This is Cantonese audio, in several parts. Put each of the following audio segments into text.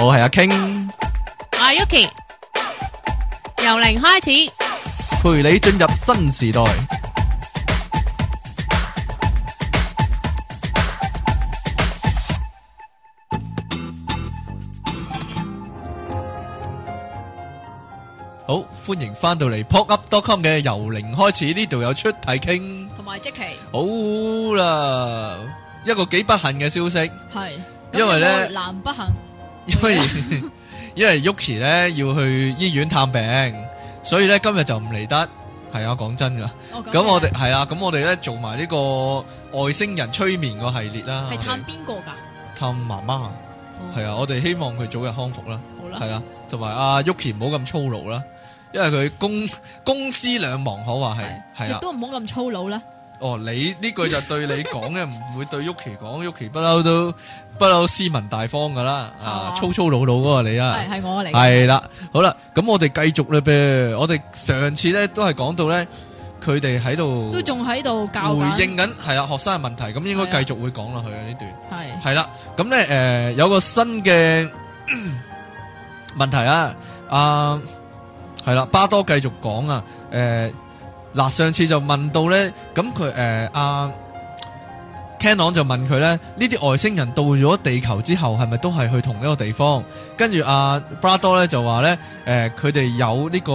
我係阿傾，我係 Yuki，由零開始，陪你進入新時代。好，歡迎翻到嚟 PopUp.com 嘅由零開始，呢度有出題傾，同埋即期，好啦，一個幾不幸嘅消息，係，因為咧難不幸。因為 因為 Yuki 咧要去醫院探病，所以咧今日就唔嚟得。係啊，講真噶，咁、哦、我哋係啊，咁我哋咧做埋呢個外星人催眠個系列啦。係探邊個噶？探媽媽，係、哦、啊，我哋希望佢早日康復啦。好啦，係啊，同埋阿 Yuki 唔好咁粗魯啦，因為佢公公私兩忙，好話係係啦，亦都唔好咁粗魯啦。哦，你呢句就對你講嘅，唔會對 Yuki 講，Yuki 不嬲都不嬲斯文大方噶啦，啊，粗粗魯魯嗰個你啊，係係我嚟，係啦，好啦，咁我哋繼續嘞唄，我哋上次咧都係講到咧，佢哋喺度都仲喺度教回應緊，係啦，學生嘅問題，咁應該繼續會講落去啊呢段，係係啦，咁咧誒有個新嘅問題啊，啊係啦，巴多繼續講啊，誒。嗱，上次就問到呢，咁佢誒阿 Canon 就問佢呢呢啲外星人到咗地球之後，係咪都係去同一個地方？跟住阿布拉多咧就話呢，誒佢哋有呢個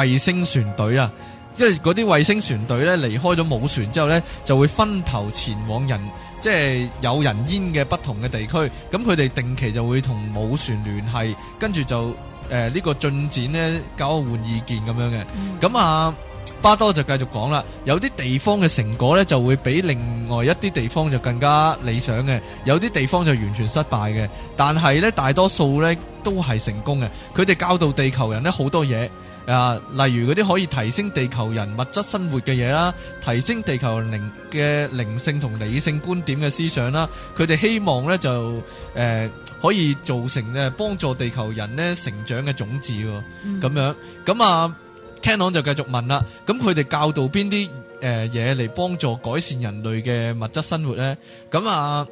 衛星船隊啊，因為嗰啲衛星船隊呢離開咗母船之後呢，就會分頭前往人即係、就是、有人煙嘅不同嘅地區，咁佢哋定期就會同母船聯繫，跟住就誒呢、呃這個進展呢，交換意見咁樣嘅，咁、嗯、啊。巴多就繼續講啦，有啲地方嘅成果呢，就會比另外一啲地方就更加理想嘅，有啲地方就完全失敗嘅，但係呢，大多數呢都係成功嘅。佢哋教導地球人呢好多嘢，啊，例如嗰啲可以提升地球人物質生活嘅嘢啦，提升地球靈嘅靈性同理性觀點嘅思想啦，佢哋希望呢，就、呃、誒可以造成誒幫助地球人呢成長嘅種子，咁、嗯、樣咁啊。聽講就繼續問啦，咁佢哋教導邊啲誒嘢嚟幫助改善人類嘅物質生活咧？咁啊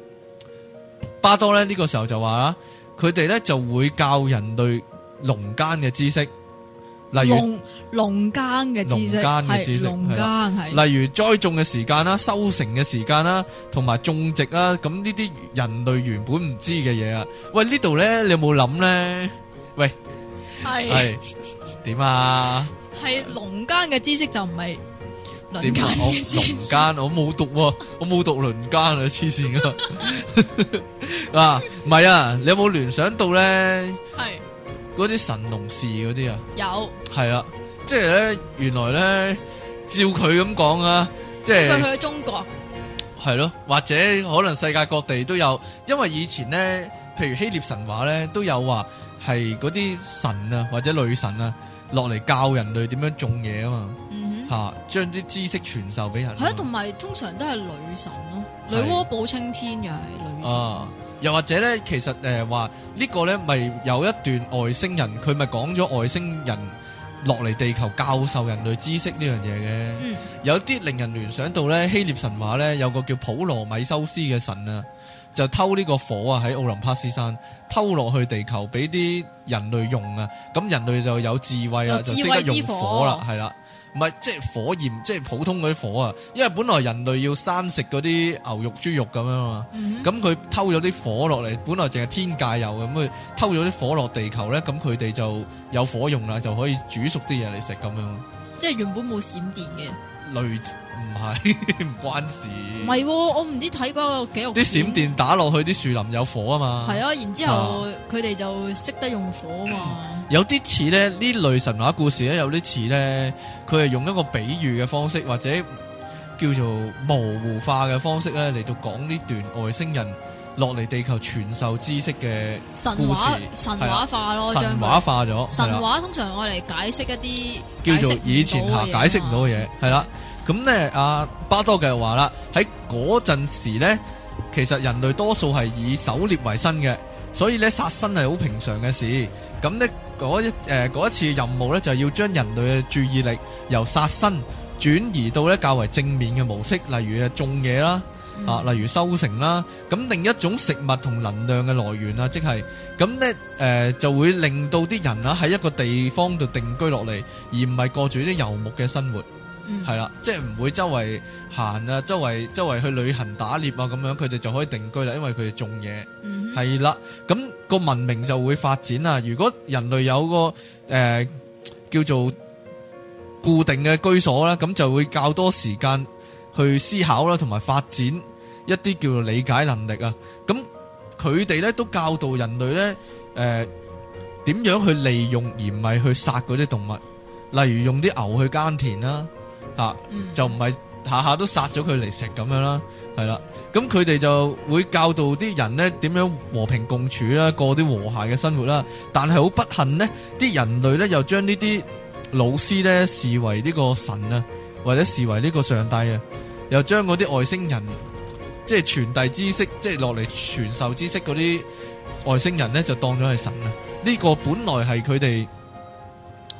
巴多咧呢個時候就話啦，佢哋咧就會教人類農耕嘅知識，例如農農耕嘅知識係農耕係，例如栽種嘅時間啦、收成嘅時間啦、同埋種植啦，咁呢啲人類原本唔知嘅嘢啊。喂呢度咧你有冇諗咧？喂係係點啊？係龍奸嘅知識就唔係鄰奸嘅知識。龍奸，奸，我冇讀，啊，我冇讀鄰奸啊！黐線噶， 啊唔係啊，你有冇聯想到咧？係嗰啲神龍氏嗰啲啊？有係啊，即係咧，原來咧，照佢咁講啊，即係佢去咗中國，係咯，啊，或者可能世界各地都有，因為以前咧，譬如希臘神話咧，都有話係嗰啲神啊或者女神啊。落嚟教人類點樣種嘢啊嘛，吓將啲知識傳授俾人。係啊，同埋通常都係女神咯，女媧補青天又係女神。啊，又或者咧，其實誒話呢個咧咪有一段外星人佢咪講咗外星人落嚟地球教授人類知識呢樣嘢嘅。有啲令人聯想到咧，希臘神話咧有個叫普羅米修斯嘅神啊。就偷呢個火啊，喺奧林匹斯山偷落去地球，俾啲人類用啊。咁人類就有智慧啦、啊啊、就識得用火啦、啊，係啦、啊。唔係即係火焰，即係普通嗰啲火啊。因為本來人類要生食嗰啲牛肉、豬肉咁樣啊。咁、嗯、佢偷咗啲火落嚟，本來淨係天界有咁，偷咗啲火落地球咧，咁佢哋就有火用啦，就可以煮熟啲嘢嚟食咁樣。即係原本冇閃電嘅雷。唔係唔關事，唔係、哦、我唔知睇嗰個紀錄。啲閃電打落去，啲樹林有火啊嘛。係啊，然後之後佢哋就識得用火啊嘛。啊有啲似咧呢類神話故事咧，有啲似咧，佢係用一個比喻嘅方式，或者叫做模糊化嘅方式咧嚟到講呢段外星人落嚟地球傳授知識嘅神話。神神話化咯，將神話化咗、啊、神話。通常我嚟解釋一啲叫做以前下解釋唔到嘅嘢，係啦、啊。咁咧，阿巴多嘅又話啦，喺嗰陣時咧，其實人類多數係以狩獵為生嘅，所以咧殺生係好平常嘅事。咁咧嗰一誒，嗰一次任務咧，就係要將人類嘅注意力由殺生轉移到咧較為正面嘅模式，例如種嘢啦，啊，例如收成啦。咁另一種食物同能量嘅來源啊，即係咁咧誒，就會令到啲人啊喺一個地方度定居落嚟，而唔係過住啲游牧嘅生活。係啦，即係唔會周圍行啊，周圍周圍去旅行打獵啊，咁樣佢哋就可以定居啦，因為佢哋種嘢，係啦，咁個文明就會發展啦。如果人類有個誒叫做固定嘅居所啦，咁就會較多時間去思考啦，同埋發展一啲叫做理解能力啊。咁佢哋咧都教導人類咧，誒點樣去利用而唔係去殺嗰啲動物，例如用啲牛去耕田啦。啊，嗯、就唔係下下都殺咗佢嚟食咁樣啦，係啦，咁佢哋就會教導啲人呢，點樣和平共處啦，過啲和諧嘅生活啦。但係好不幸呢，啲人類呢又將呢啲老師呢視為呢個神啊，或者視為呢個上帝啊，又將嗰啲外星人即係傳遞知識，即係落嚟傳授知識嗰啲外星人呢，就當咗係神啊。呢個本來係佢哋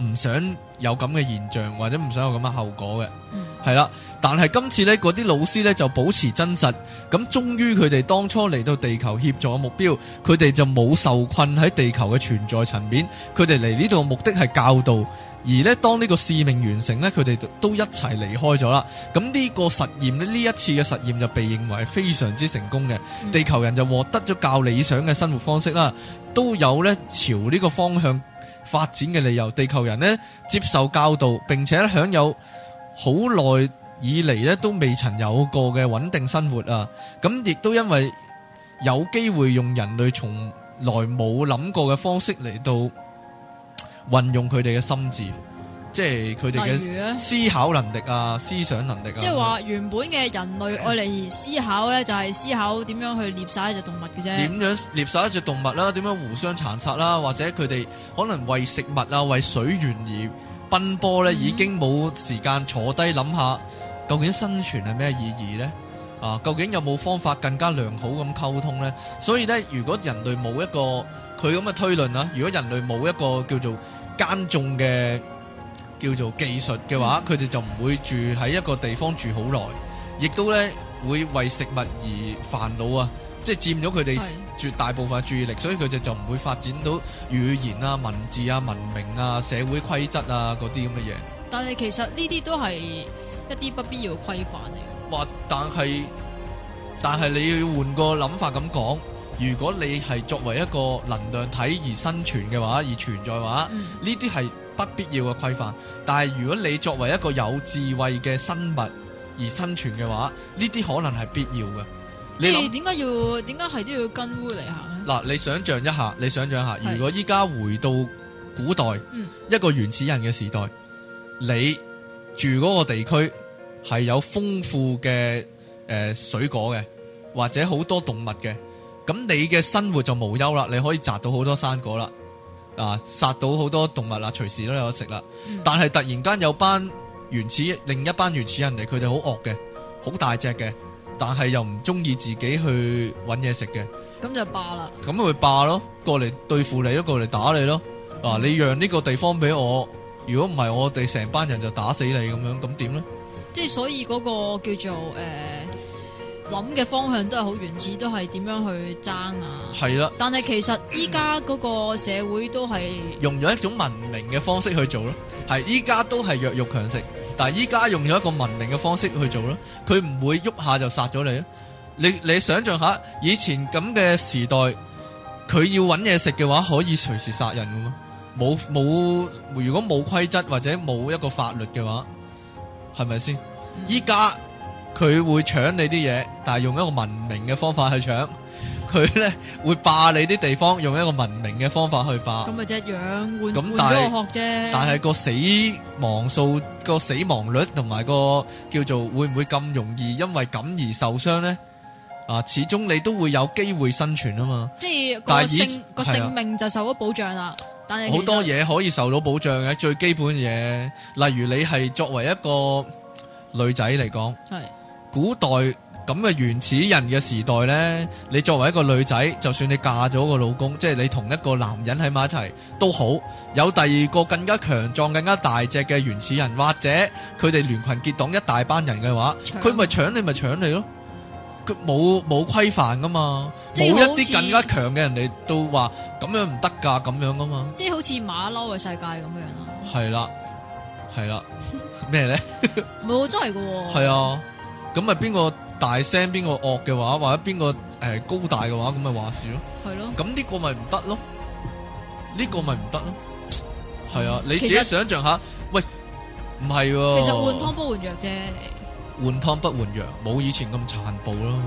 唔想有咁嘅現象，或者唔想有咁嘅後果嘅，係、嗯、啦。但係今次呢嗰啲老師呢，就保持真實，咁終於佢哋當初嚟到地球協助嘅目標，佢哋就冇受困喺地球嘅存在層面，佢哋嚟呢度嘅目的係教導。而呢，當呢個使命完成呢，佢哋都一齊離開咗啦。咁呢個實驗呢，呢一次嘅實驗就被認為非常之成功嘅、嗯，地球人就獲得咗較理想嘅生活方式啦，都有呢朝呢個方向發展嘅理由，地球人咧接受教導，並且享有好耐以嚟咧都未曾有過嘅穩定生活啊！咁亦都因為有機會用人類從來冇諗過嘅方式嚟到運用佢哋嘅心智。即係佢哋嘅思考能力啊，思想能力啊。即係話原本嘅人類愛嚟思考呢， 就係思考點樣去獵殺一隻動物嘅啫。點樣獵殺一隻動物啦、啊？點樣互相殘殺啦、啊？或者佢哋可能為食物啊、為水源而奔波呢？嗯、已經冇時間坐低諗下想想究竟生存係咩意義呢？啊，究竟有冇方法更加良好咁溝通呢？所以呢，如果人類冇一個佢咁嘅推論啦、啊，如果人類冇一個叫做耕種嘅。叫做技術嘅話，佢、嗯、哋就唔會住喺一個地方住好耐，亦都咧會為食物而煩惱啊！即係佔咗佢哋絕大部分嘅注意力，所以佢哋就唔會發展到語言啊、文字啊、文明啊、社會規則啊嗰啲咁嘅嘢。但係其實呢啲都係一啲不必要規範嚟嘅。但係但係你要換個諗法咁講，如果你係作為一個能量體而生存嘅話，而存在嘅話，呢啲係。不必要嘅規範，但係如果你作為一個有智慧嘅生物而生存嘅話，呢啲可能係必要嘅。即係點解要點解係都要跟烏嚟行嗱，你想象一下，你想象一下，如果依家回到古代、嗯，一個原始人嘅時代，你住嗰個地區係有豐富嘅誒、呃、水果嘅，或者好多動物嘅，咁你嘅生活就無憂啦，你可以摘到好多生果啦。啊！殺到好多動物啦，隨時都有得食啦。但係突然間有班原始另一班原始人嚟，佢哋好惡嘅，好大隻嘅，但係又唔中意自己去揾嘢食嘅。咁、嗯、就霸啦。咁咪會霸咯，過嚟對付你咯，過嚟打你咯。嗱、嗯啊，你讓呢個地方俾我，如果唔係，我哋成班人就打死你咁樣，咁點呢？即係所以嗰個叫做誒。呃諗嘅方向都係好原始，都係點樣去爭啊？係啦，但係其實依家嗰個社會都係用咗一種文明嘅方式去做咯。係依家都係弱肉強食，但係依家用咗一個文明嘅方式去做咯。佢唔會喐下就殺咗你啊！你你想象下以前咁嘅時代，佢要搵嘢食嘅話，可以隨時殺人噶嘛？冇冇？如果冇規則或者冇一個法律嘅話，係咪先？嗯、依家。佢會搶你啲嘢，但係用一個文明嘅方法去搶。佢咧會霸你啲地方，用一個文明嘅方法去霸。咁咪一樣，換換咗個殼啫。但係個死亡數、個死亡率同埋個叫做會唔會咁容易因為咁而受傷咧？啊，始終你都會有機會生存啊嘛。即係個性個性命就受咗保障啦。但係好多嘢可以受到保障嘅，最基本嘢，例如你係作為一個女仔嚟講。係。古代咁嘅原始人嘅時代呢，你作為一個女仔，就算你嫁咗個老公，即係你同一個男人喺埋一齊都好，有第二個更加強壯、更加大隻嘅原始人，或者佢哋聯群結黨一大班人嘅話，佢咪搶你咪搶你咯。佢冇冇規範噶嘛，冇一啲更加強嘅人嚟，都話咁樣唔得噶，咁樣噶嘛。即係好似馬騮嘅世界咁樣。係啦，係啦，咩 麼呢？唔 係真係噶，係啊。咁咪邊個大聲邊個惡嘅話，或者邊個誒高大嘅話，咁咪話事咯。係咯。咁呢個咪唔得咯？呢個咪唔得咯？係啊，你自己想象下，喂，唔係。其實換湯不換藥啫。換湯不換藥，冇以前咁殘暴咯，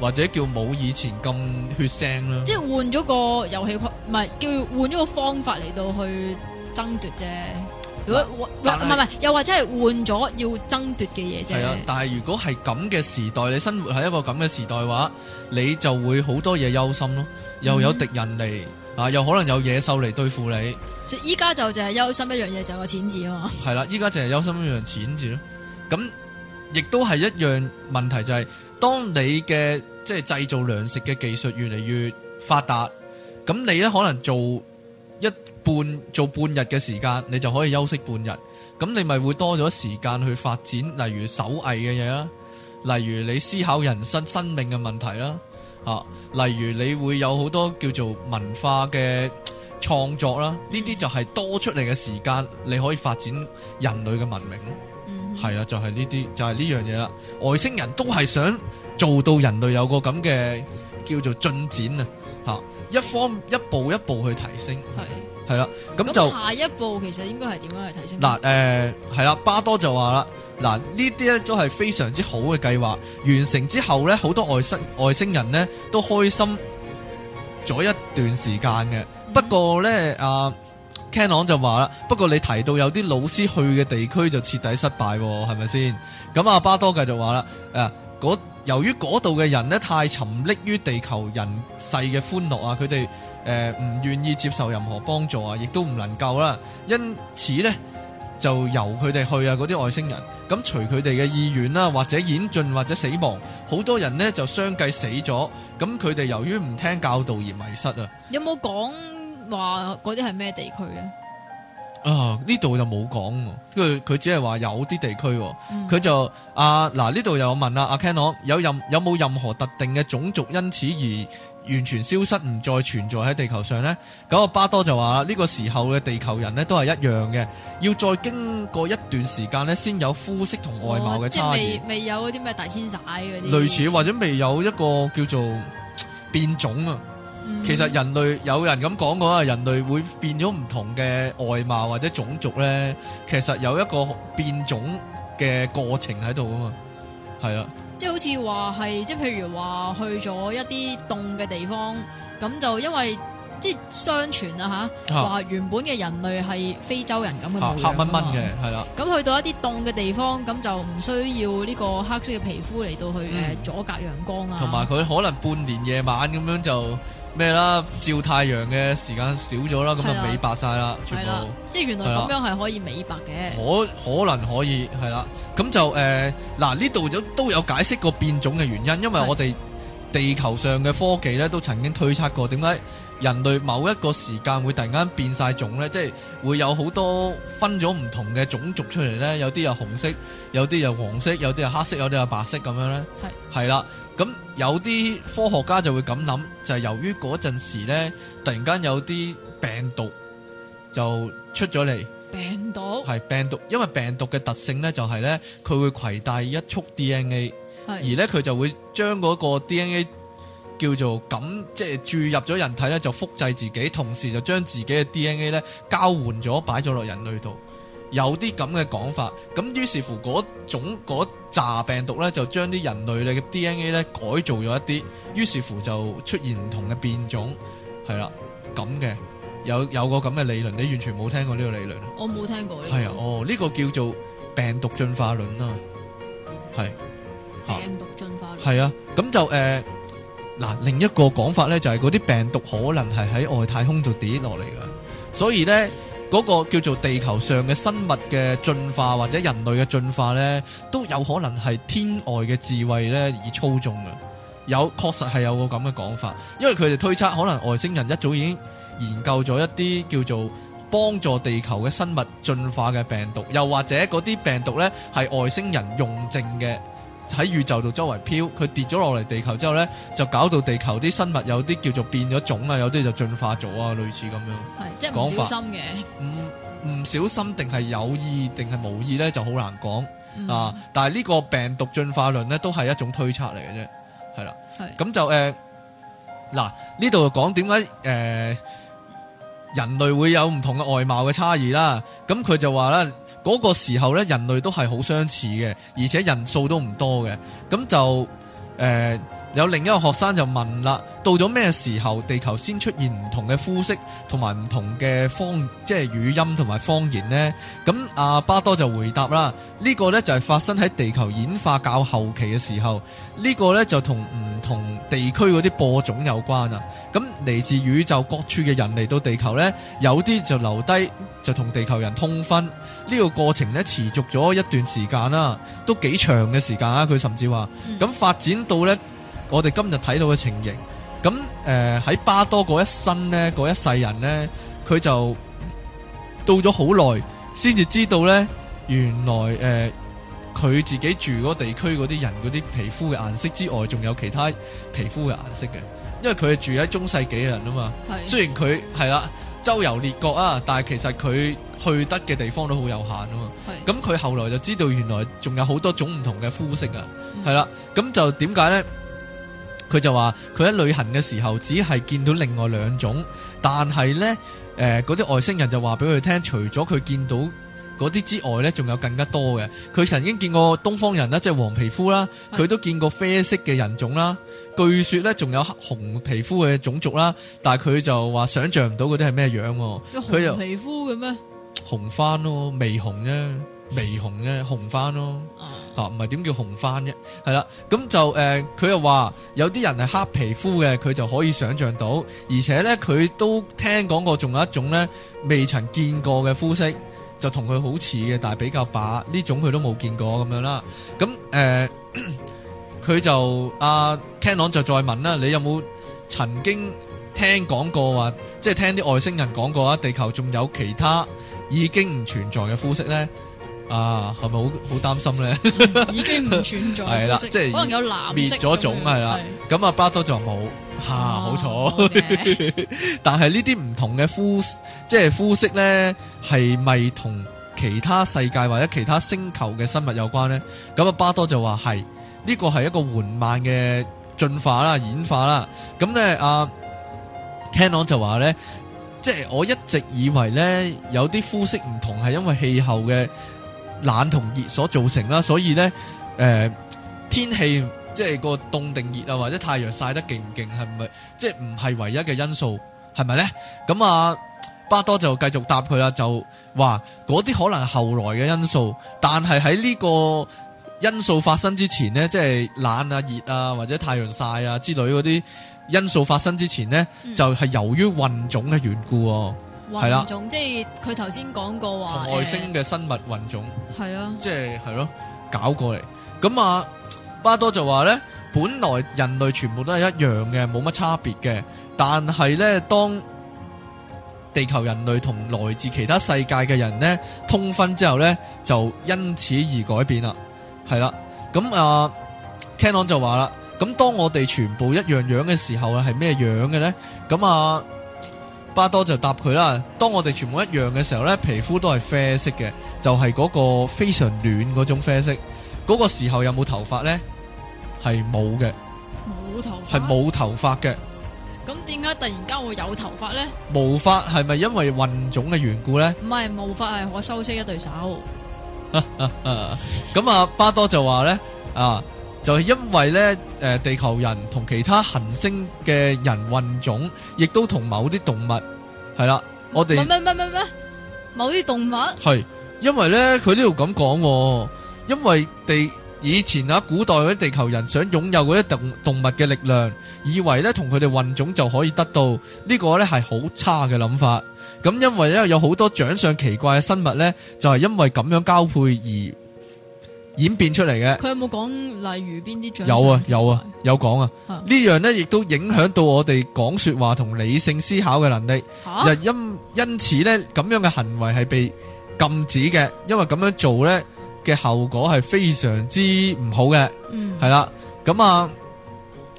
或者叫冇以前咁血腥啦。即係換咗個遊戲框，唔係叫換咗個方法嚟到去爭奪啫。如果唔係唔係，又或者係換咗要爭奪嘅嘢啫。係啊，但係如果係咁嘅時代，你生活喺一個咁嘅時代嘅話，你就會好多嘢憂心咯，又有敵人嚟，嗯，啊，又可能有野獸嚟對付你。依家就淨係憂心一樣嘢，就係個錢字啊嘛。係啦，依家淨係憂心一樣錢字咯。咁亦都係一樣問題，就是，就係當你嘅，即係製造糧食嘅技術越嚟越發達，咁你咧可能做。半做半日嘅時間，你就可以休息半日。咁你咪會多咗時間去發展，例如手藝嘅嘢啦，例如你思考人生生命嘅問題啦，吓，例如你會有好多叫做文化嘅創作啦。呢啲就係多出嚟嘅時間，你可以發展人類嘅文明。嗯，係啦，就係呢啲，就係呢樣嘢啦。外星人都係想做到人類有個咁嘅叫做進展啊，吓，一方一步一步去提升。係。係啦，咁就下一步其實應該係點樣去提升？嗱、啊，誒係啦，巴多就話啦，嗱呢啲咧都係非常之好嘅計劃，完成之後咧，好多外星外星人咧都開心咗一段時間嘅，嗯。不過咧，啊 Canon 就話啦，不過你提到有啲老師去嘅地區就徹底失敗喎，係咪先？咁阿、啊、巴多繼續話啦，嗰、啊、由於嗰度嘅人咧太沉溺於地球人世嘅歡樂啊，佢哋。誒、呃，唔願意接受任何幫助啊，亦都唔能夠啦。因此呢，就由佢哋去啊，嗰啲外星人咁隨佢哋嘅意願啦，或者演進，或者死亡。好多人呢，就相繼死咗。咁佢哋由於唔聽教導而迷失有有說說啊。有冇講話嗰啲係咩地區呢、嗯、啊，呢度就冇講，佢佢只係話有啲地區，佢就啊嗱呢度又問啊阿 Kenon 有任有冇任何特定嘅種族因此而？完全消失，唔再存在喺地球上呢，咁阿巴多就話呢、呢個時候嘅地球人呢都係一樣嘅，要再經過一段時間呢，先有膚色同外貌嘅差異、哦，即係未，未有嗰啲咩大遷徙嗰啲，類似或者未有一個叫做變種啊、嗯。其實人類有人咁講過啊，人類會變咗唔同嘅外貌或者種族呢，其實有一個變種嘅過程喺度啊嘛，係啊。即係好似話係，即係譬如話去咗一啲凍嘅地方，咁就因為即係相傳啊吓，話原本嘅人類係非洲人咁嘅黑蚊蚊嘅，係啦。咁去到一啲凍嘅地方，咁就唔需要呢個黑色嘅皮膚嚟到去誒阻隔陽光啊。同埋佢可能半年夜晚咁樣就。咩啦？照太陽嘅時間少咗啦，咁就美白晒啦，全部。即係原來咁樣係可以美白嘅。可可能可以係啦，咁就誒，嗱呢度就都有解釋個變種嘅原因，因為我哋。地球上嘅科技咧，都曾經推測過點解人類某一個時間會突然間變晒種呢？即係會有好多分咗唔同嘅種族出嚟呢。有啲又紅色，有啲又黃色，有啲又黑色，有啲又白色咁樣呢。係啦，咁有啲科學家就會咁諗，就係由於嗰陣時呢，突然間有啲病毒就出咗嚟。病毒？係病毒，因為病毒嘅特性呢，就係呢，佢會攜帶一束 DNA。而咧佢就會將嗰個 DNA 叫做咁，即係注入咗人體咧，就複製自己，同時就將自己嘅 DNA 咧交換咗，擺咗落人類度。有啲咁嘅講法，咁於是乎嗰種嗰扎病毒咧就將啲人類嘅 DNA 咧改造咗一啲，於是乎就出現唔同嘅變種，係啦咁嘅有有個咁嘅理論，你完全冇聽過呢個理論？我冇聽過呢個理論。係啊，哦呢個叫做病毒進化論啊。係。嗯。病毒進化係啊，咁、啊嗯、就誒嗱、呃，另一個講法呢，就係嗰啲病毒可能係喺外太空度跌落嚟噶，所以呢，嗰、嗰個叫做地球上嘅生物嘅進化或者人類嘅進化呢，都有可能係天外嘅智慧呢而操縱㗎。有確實係有個咁嘅講法，因為佢哋推測可能外星人一早已經研究咗一啲叫做幫助地球嘅生物進化嘅病毒，又或者嗰啲病毒呢，係外星人用剩嘅。喺宇宙度周圍飄，佢跌咗落嚟地球之後咧，就搞到地球啲生物有啲叫做變咗種啊，有啲就進化咗啊，類似咁樣。係，即係唔小心嘅。唔唔小心定係有意定係無意咧，就好難講、嗯、啊！但係呢個病毒進化論咧，都係一種推測嚟嘅啫。係、呃、啦，咁就誒，嗱呢度就講點解誒？人類會有唔同嘅外貌嘅差異啦，咁佢就話咧，嗰個時候咧，人類都係好相似嘅，而且人數都唔多嘅，咁就誒。呃有另一個學生就問啦，到咗咩時候地球先出現唔同嘅膚色同埋唔同嘅方即係語音同埋方言呢？」咁、啊、阿巴多就回答啦，呢個呢，就係發生喺地球演化較後期嘅時候，呢個呢，就同唔同地區嗰啲播種有關啊。咁嚟自宇宙各處嘅人嚟到地球呢，有啲就留低就同地球人通婚，呢個過程呢，持續咗一段時間啦，都幾長嘅時間啊。佢甚至話咁發展到呢。」我哋今日睇到嘅情形，咁誒喺巴多嗰一生咧，嗰一世人咧，佢就到咗好耐，先至知道咧，原來誒佢，呃，自己住嗰地區嗰啲人嗰啲皮膚嘅顏色之外，仲有其他皮膚嘅顏色嘅，因為佢係住喺中世紀嘅人啊嘛。雖然佢係啦周遊列國啊，但係其實佢去得嘅地方都好有限啊嘛。係咁，佢後來就知道原來仲有好多種唔同嘅膚色啊。係、嗯、啦，咁就點解咧？佢就話佢喺旅行嘅時候只係見到另外兩種，但係呢，誒嗰啲外星人就話俾佢聽，除咗佢見到嗰啲之外呢，仲有更加多嘅。佢曾經見過東方人啦，即係黃皮膚啦，佢都見過啡色嘅人種啦。據說呢，仲有黑紅皮膚嘅種族啦，但係佢就話想象唔到嗰啲係咩樣。佢紅皮膚嘅咩？紅翻咯，微紅啫。微紅啫，紅翻咯嚇，唔係點叫紅翻啫？係啦，咁就誒，佢又話有啲人係黑皮膚嘅，佢就可以想像到，而且咧佢都聽講過，仲有一種咧未曾見過嘅膚色，就同佢好似嘅，但係比較白呢種佢都冇見過咁樣啦。咁誒，佢、呃、就阿、啊、Cannon 就再問啦，你有冇曾經聽講過話，即係聽啲外星人講過啊？地球仲有其他已經唔存在嘅膚色咧？啊，係咪好好擔心咧？ 已經唔存在，係啦，即、就、係、是、可能有藍色，滅咗種係啦。咁阿巴多就冇吓，啊啊、好彩。Okay. 但係、就是、呢啲唔同嘅膚，即係膚色咧，係咪同其他世界或者其他星球嘅生物有關咧？咁阿巴多就話係呢個係一個緩慢嘅進化啦、演化啦。咁咧啊，Kenon 就話咧，即、就、係、是、我一直以為咧，有啲膚色唔同係因為氣候嘅。冷同熱所造成啦，所以呢，誒、呃，天氣即係個凍定熱啊，或者太陽曬得勁唔勁，係咪即係唔係唯一嘅因素，係咪呢？咁啊，巴多就繼續答佢啦，就話嗰啲可能係後來嘅因素，但係喺呢個因素發生之前呢，即係冷啊、熱啊或者太陽曬啊之類嗰啲因素發生之前呢，就係、係、由於混種嘅緣故、啊。嗯。係啦，種，即係佢頭先講過話，外星嘅生物混種係咯，即係係咯，搞過嚟。咁啊，巴多就話咧，本來人類全部都係一樣嘅，冇乜差別嘅。但係咧，當地球人類同來自其他世界嘅人咧通婚之後咧，就因此而改變啦。係啦，咁啊，Cannon 就話啦，咁當我哋全部一樣樣嘅時候係咩樣嘅咧？咁啊。巴多就答佢啦。當我哋全部一樣嘅時候咧，皮膚都係啡色嘅，就係、是、嗰個非常暖嗰種啡色。嗰、那個時候有冇頭髮咧？係冇嘅，冇頭髮，係冇頭髮嘅。咁點解突然間會有頭髮咧？毛髮係咪因為混種嘅緣故咧？唔係，毛髮係我收飾一對手。咁啊，巴多就話咧啊。就係因為咧，誒，地球人同其他行星嘅人混種，亦都同某啲動物係啦。我哋乜乜乜乜，某啲動物係因為咧，佢呢度咁講，因為地以前啊古代嗰啲地球人想擁有嗰啲動動物嘅力量，以為咧同佢哋混種就可以得到，呢個咧係好差嘅諗法。咁因為咧有好多長相奇怪嘅生物咧，就係因為咁樣交配而演變出嚟嘅，佢有冇講例如邊啲？有啊有啊有講啊，呢樣咧亦都影響到我哋講說話同理性思考嘅能力。又因因此咧，咁樣嘅行為係被禁止嘅，因為咁樣做咧嘅後果係非常之唔好嘅。嗯，係啦，咁啊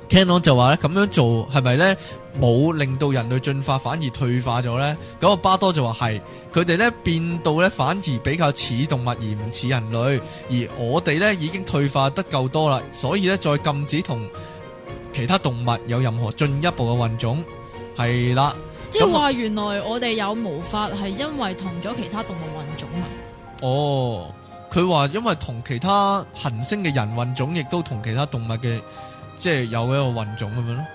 ，Kenon 就話咧，咁樣做係咪咧？冇令到人類進化，反而退化咗呢？咁個巴多就話係佢哋咧，變到咧，反而比較似動物而唔似人類，而我哋咧已經退化得夠多啦，所以咧再禁止同其他動物有任何進一步嘅混種，係啦。即係話原來我哋有毛髮係因為同咗其他動物混種啊？哦，佢話因為同其他行星嘅人混種，亦都同其他動物嘅即係有一個混種咁樣咯。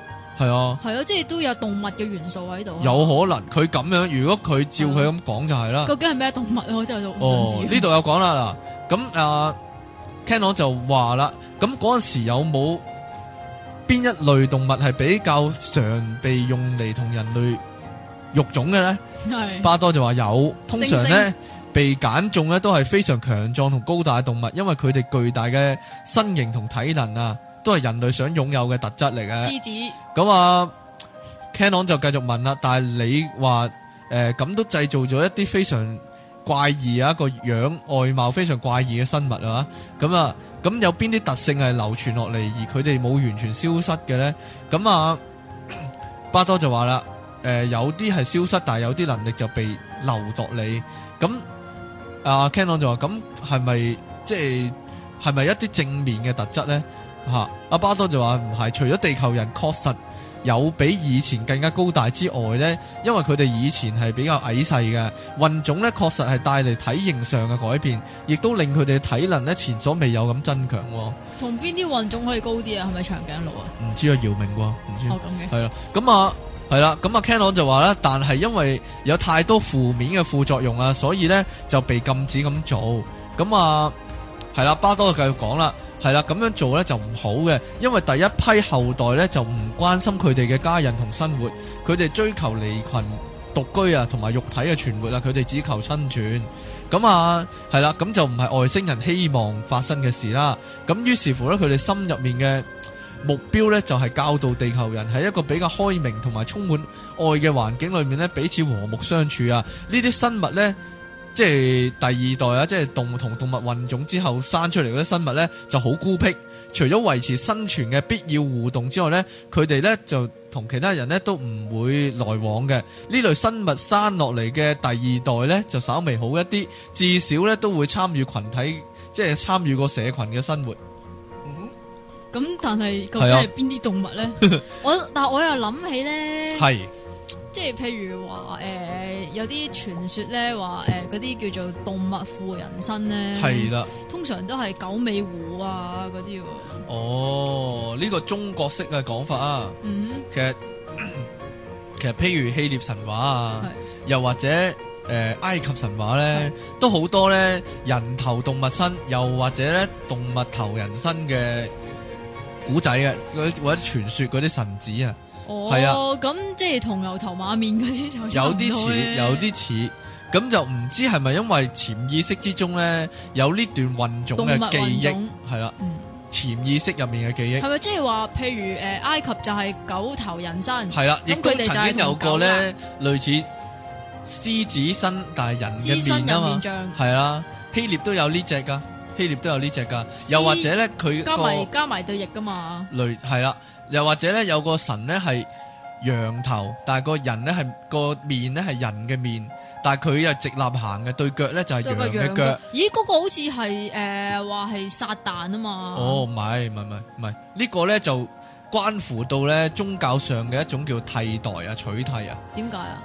係啊，係咯，即係都有動物嘅元素喺度。有可能佢咁樣，如果佢照佢咁講就係啦，嗯。究竟係咩動物？我真係唔知。哦，呢度有講啦嗱，咁啊，Ken n 就話啦，咁嗰陣時候有冇邊一類動物係比較常被用嚟同人類育種嘅呢？巴多就話有，通常呢，星星被揀中呢都係非常強壯同高大嘅動物，因為佢哋巨大嘅身形同體能啊。都係人類想擁有嘅特質嚟嘅。獅子咁啊，Canon 就繼續問啦。但係你話誒，咁都製造咗一啲非常怪異啊，一個樣外貌非常怪異嘅生物啊，咁啊咁有邊啲特性係流傳落嚟，而佢哋冇完全消失嘅咧？咁啊，巴多就話啦，誒、呃、有啲係消失，但係有啲能力就被留落嚟。咁啊，Canon 就話咁係咪即係係咪一啲正面嘅特質咧？阿巴多就話唔係，除咗地球人確實有比以前更加高大之外呢，因為佢哋以前係比較矮細嘅，運種呢確實係帶嚟體型上嘅改變，亦都令佢哋嘅體能呢前所未有咁增強。同邊啲運種可以高啲啊？係咪長頸鹿啊？唔知啊，姚明喎，唔知。咁嘅。係啦，咁啊，係啦，咁、oh, okay. 啊，Canon、啊啊、就話啦，但係因為有太多負面嘅副作用啊，所以呢就被禁止咁做。咁啊，係啦、啊，巴多就繼續講啦。係啦，咁樣做呢就唔好嘅，因為第一批後代呢就唔關心佢哋嘅家人同生活，佢哋追求離群獨居啊，同埋肉體嘅存活啊，佢哋只求生存。咁啊，係啦，咁就唔係外星人希望發生嘅事啦。咁於是乎呢，佢哋心入面嘅目標呢，就係教導地球人喺一個比較開明同埋充滿愛嘅環境裏面呢，彼此和睦相處啊。呢啲生物呢，即係第二代啊！即係動物同動物混種之後生出嚟嗰啲生物呢，就好孤僻。除咗維持生存嘅必要互動之外他們，呢，佢哋呢就同其他人呢都唔會來往嘅。呢類生物生落嚟嘅第二代呢，就稍微好一啲，至少呢都會參與群體，即係參與個社群嘅生活。咁但係究竟係邊啲動物呢？啊、我 但係我又諗起呢。係。即係譬如話誒、呃，有啲傳說咧話誒，嗰、呃、啲叫做動物附人身咧，係啦，通常都係九尾狐啊嗰啲。哦、呢、這個中國式嘅講法啊，嗯，其實咳咳其實譬如希臘神話啊，又或者誒、呃、埃及神話咧，都好多咧人頭動物身，又或者咧動物頭人身嘅古仔啊，或者傳說嗰啲神子啊。係、哦、啊，咁即係同牛頭馬面嗰啲就有啲似，有啲似，咁就唔知係咪因為潛意識之中咧有呢段混種嘅記憶，係啦，潛意識入面嘅記憶。係咪即係話，譬如誒埃及就係狗頭人身，係啦、啊，應該曾經有過咧類似獅子大獅身但係人嘅面噶嘛，係啦、啊、希臘都有呢隻噶，希臘都有呢隻噶，又或者咧佢、那個、加埋加埋對翼噶嘛，類係啦。又或者咧，有個神咧係羊頭，但係個人咧係個面咧係人嘅面，但係佢又直立行嘅，對腳咧就係羊嘅腳。咦，嗰個好似係誒話係撒旦啊嘛？哦，唔係，唔係，唔係，唔係，呢個咧就關乎到咧宗教上嘅一種叫替代啊，取替啊。點解啊？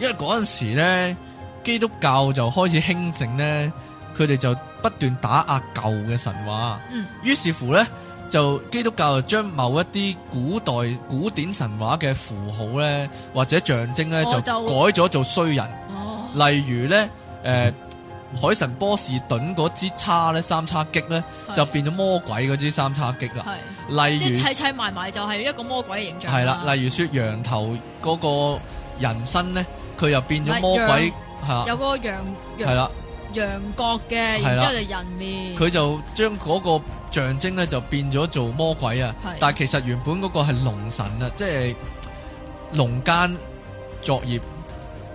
因為嗰陣時咧基督教就開始興盛咧，佢哋就不斷打壓舊嘅神話。嗯，於是乎咧。就基督教就將某一啲古代古典神話嘅符號咧，或者象徵咧，就改咗做衰人。哦。例如咧，誒、呃，海、嗯、神波士頓嗰支叉咧，三叉戟咧，就變咗魔鬼嗰支三叉戟啦。係。例如砌砌埋埋就係一個魔鬼嘅形象。係啦，例如說羊頭嗰個人身咧，佢又變咗魔鬼吓、啊，有個羊，係啦，羊角嘅，然之後就人面。佢就將嗰、那個。象徵咧就變咗做魔鬼啊，但係其實原本嗰個係龍神、就是嗰個嗰個、神是啊，即係龍間作業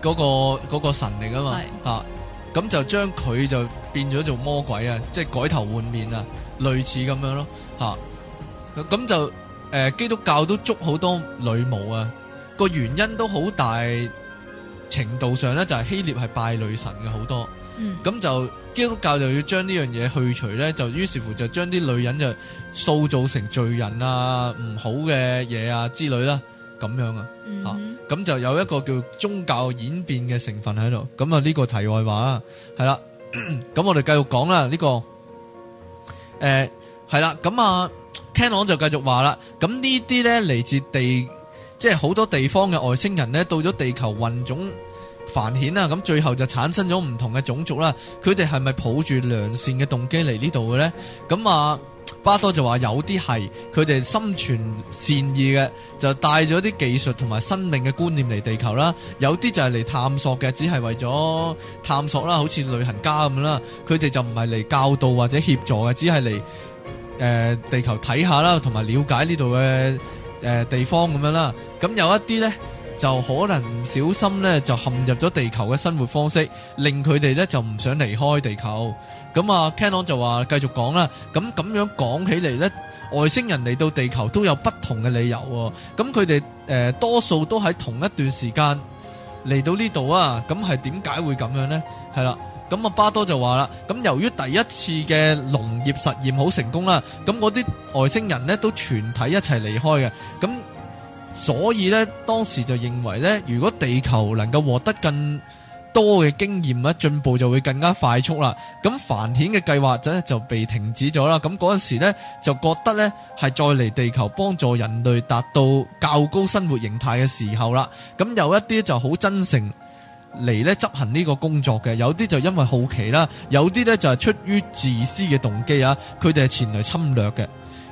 個個神嚟噶嘛，吓咁就將佢就變咗做魔鬼啊，即、就、係、是、改頭換面啊，類似咁樣咯，吓、啊、咁就誒、呃、基督教都捉好多女巫啊，個原因都好大程度上咧就係希臘係拜女神嘅好多。咁就基督教就要將呢樣嘢去除咧，就於是乎就將啲女人就塑造成罪人啊，唔好嘅嘢啊之類啦、啊，咁樣啊，吓、mm-hmm. 咁、啊、就有一個叫宗教演變嘅成分喺度。咁啊呢個題外話啦，係啦，咁 我哋繼續講啦呢個，誒係啦，咁啊 Kenon 就繼續話啦。咁呢啲咧嚟自地，即係好多地方嘅外星人咧，到咗地球混種。繁衍啦，咁最後就產生咗唔同嘅種族啦。佢哋係咪抱住良善嘅動機嚟呢度嘅呢？咁啊，巴多就話有啲係佢哋心存善意嘅，就帶咗啲技術同埋生命嘅觀念嚟地球啦。有啲就係嚟探索嘅，只係為咗探索啦，好似旅行家咁啦。佢哋就唔係嚟教導或者協助嘅，只係嚟誒地球睇下啦，同埋了解呢度嘅誒地方咁樣啦。咁有一啲呢。就可能唔小心呢，就陷入咗地球嘅生活方式，令佢哋呢就唔想離開地球。咁啊，Canon 就話繼續講啦。咁咁樣講起嚟呢，外星人嚟到地球都有不同嘅理由喎、哦。咁佢哋誒多數都喺同一段時間嚟到呢度啊。咁係點解會咁樣呢？係啦。咁啊，巴多就話啦，咁由於第一次嘅農業實驗好成功啦，咁嗰啲外星人呢都全體一齊離開嘅。咁所以咧，當時就認為咧，如果地球能夠獲得更多嘅經驗啊，進步就會更加快速啦。咁繁衍嘅計劃就就被停止咗啦。咁嗰陣時咧就覺得咧係再嚟地球幫助人類達到較高生活形態嘅時候啦。咁有一啲就好真誠嚟咧執行呢個工作嘅，有啲就因為好奇啦，有啲咧就係出於自私嘅動機啊，佢哋係前來侵略嘅。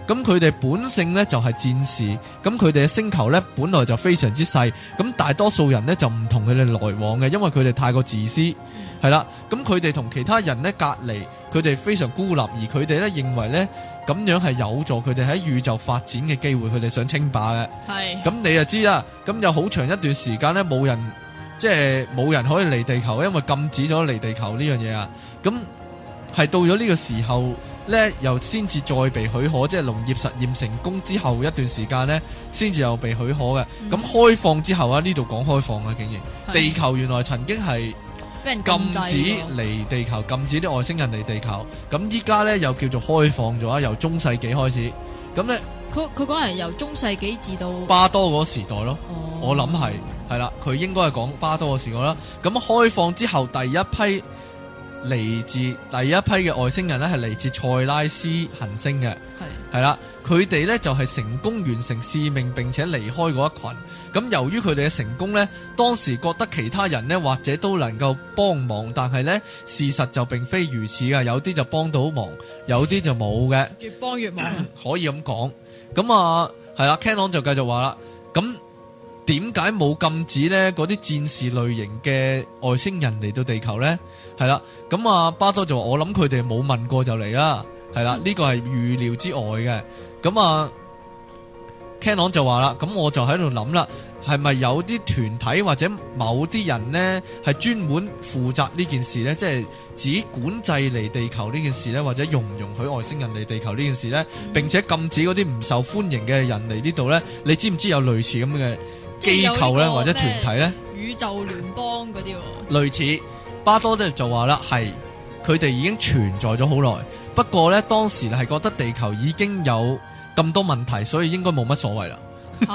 咁佢哋本性呢就係、是、戰士，咁佢哋嘅星球呢本來就非常之細，咁大多數人呢就唔同佢哋來往嘅，因為佢哋太過自私，係、嗯、啦。咁佢哋同其他人呢隔離，佢哋非常孤立，而佢哋呢認為呢咁樣係有助佢哋喺宇宙發展嘅機會，佢哋想稱霸嘅。係，咁你就知啦，咁有好長一段時間呢，冇人，即係冇人可以嚟地球，因為禁止咗嚟地球呢樣嘢啊。咁係到咗呢個時候。咧，又先至再被許可，即係農業實驗成功之後一段時間呢，先至又被許可嘅。咁、嗯、開放之後啊，呢度講開放啊，竟然地球原來曾經係禁，禁止嚟地球，禁止啲外星人嚟地球，咁依家呢又叫做開放咗啊！由中世紀開始，咁呢，佢佢講係由中世紀至到巴多嗰時代咯。哦、我諗係係啦，佢應該係講巴多嘅時代啦。咁開放之後第一批。嚟自第一批嘅外星人呢，係嚟自塞拉斯行星嘅，係係啦，佢哋呢就係成功完成使命，並且離開嗰一群。咁由於佢哋嘅成功呢，當時覺得其他人呢或者都能夠幫忙，但係呢事實就並非如此啊，有啲就幫到忙，有啲就冇嘅，越幫越忙，可以咁講。咁啊，係啦，Cannon 就繼續話啦，咁。點解冇禁止呢？嗰啲戰士類型嘅外星人嚟到地球呢？係啦。咁啊，巴多就話：我諗佢哋冇問過就嚟啦。係啦，呢個係預料之外嘅。咁啊，canon 就話啦：咁我就喺度諗啦，係咪有啲團體或者某啲人呢係專門負責呢件事呢？即係只管制嚟地球呢件事呢，或者容唔容許外星人嚟地球呢件事呢？並且禁止嗰啲唔受歡迎嘅人嚟呢度呢？你知唔知有類似咁嘅？機構咧，或者團體咧，宇宙聯邦嗰啲，類似巴多咧就話啦，係佢哋已經存在咗好耐，不過咧當時係覺得地球已經有咁多問題，所以應該冇乜所謂啦。吓，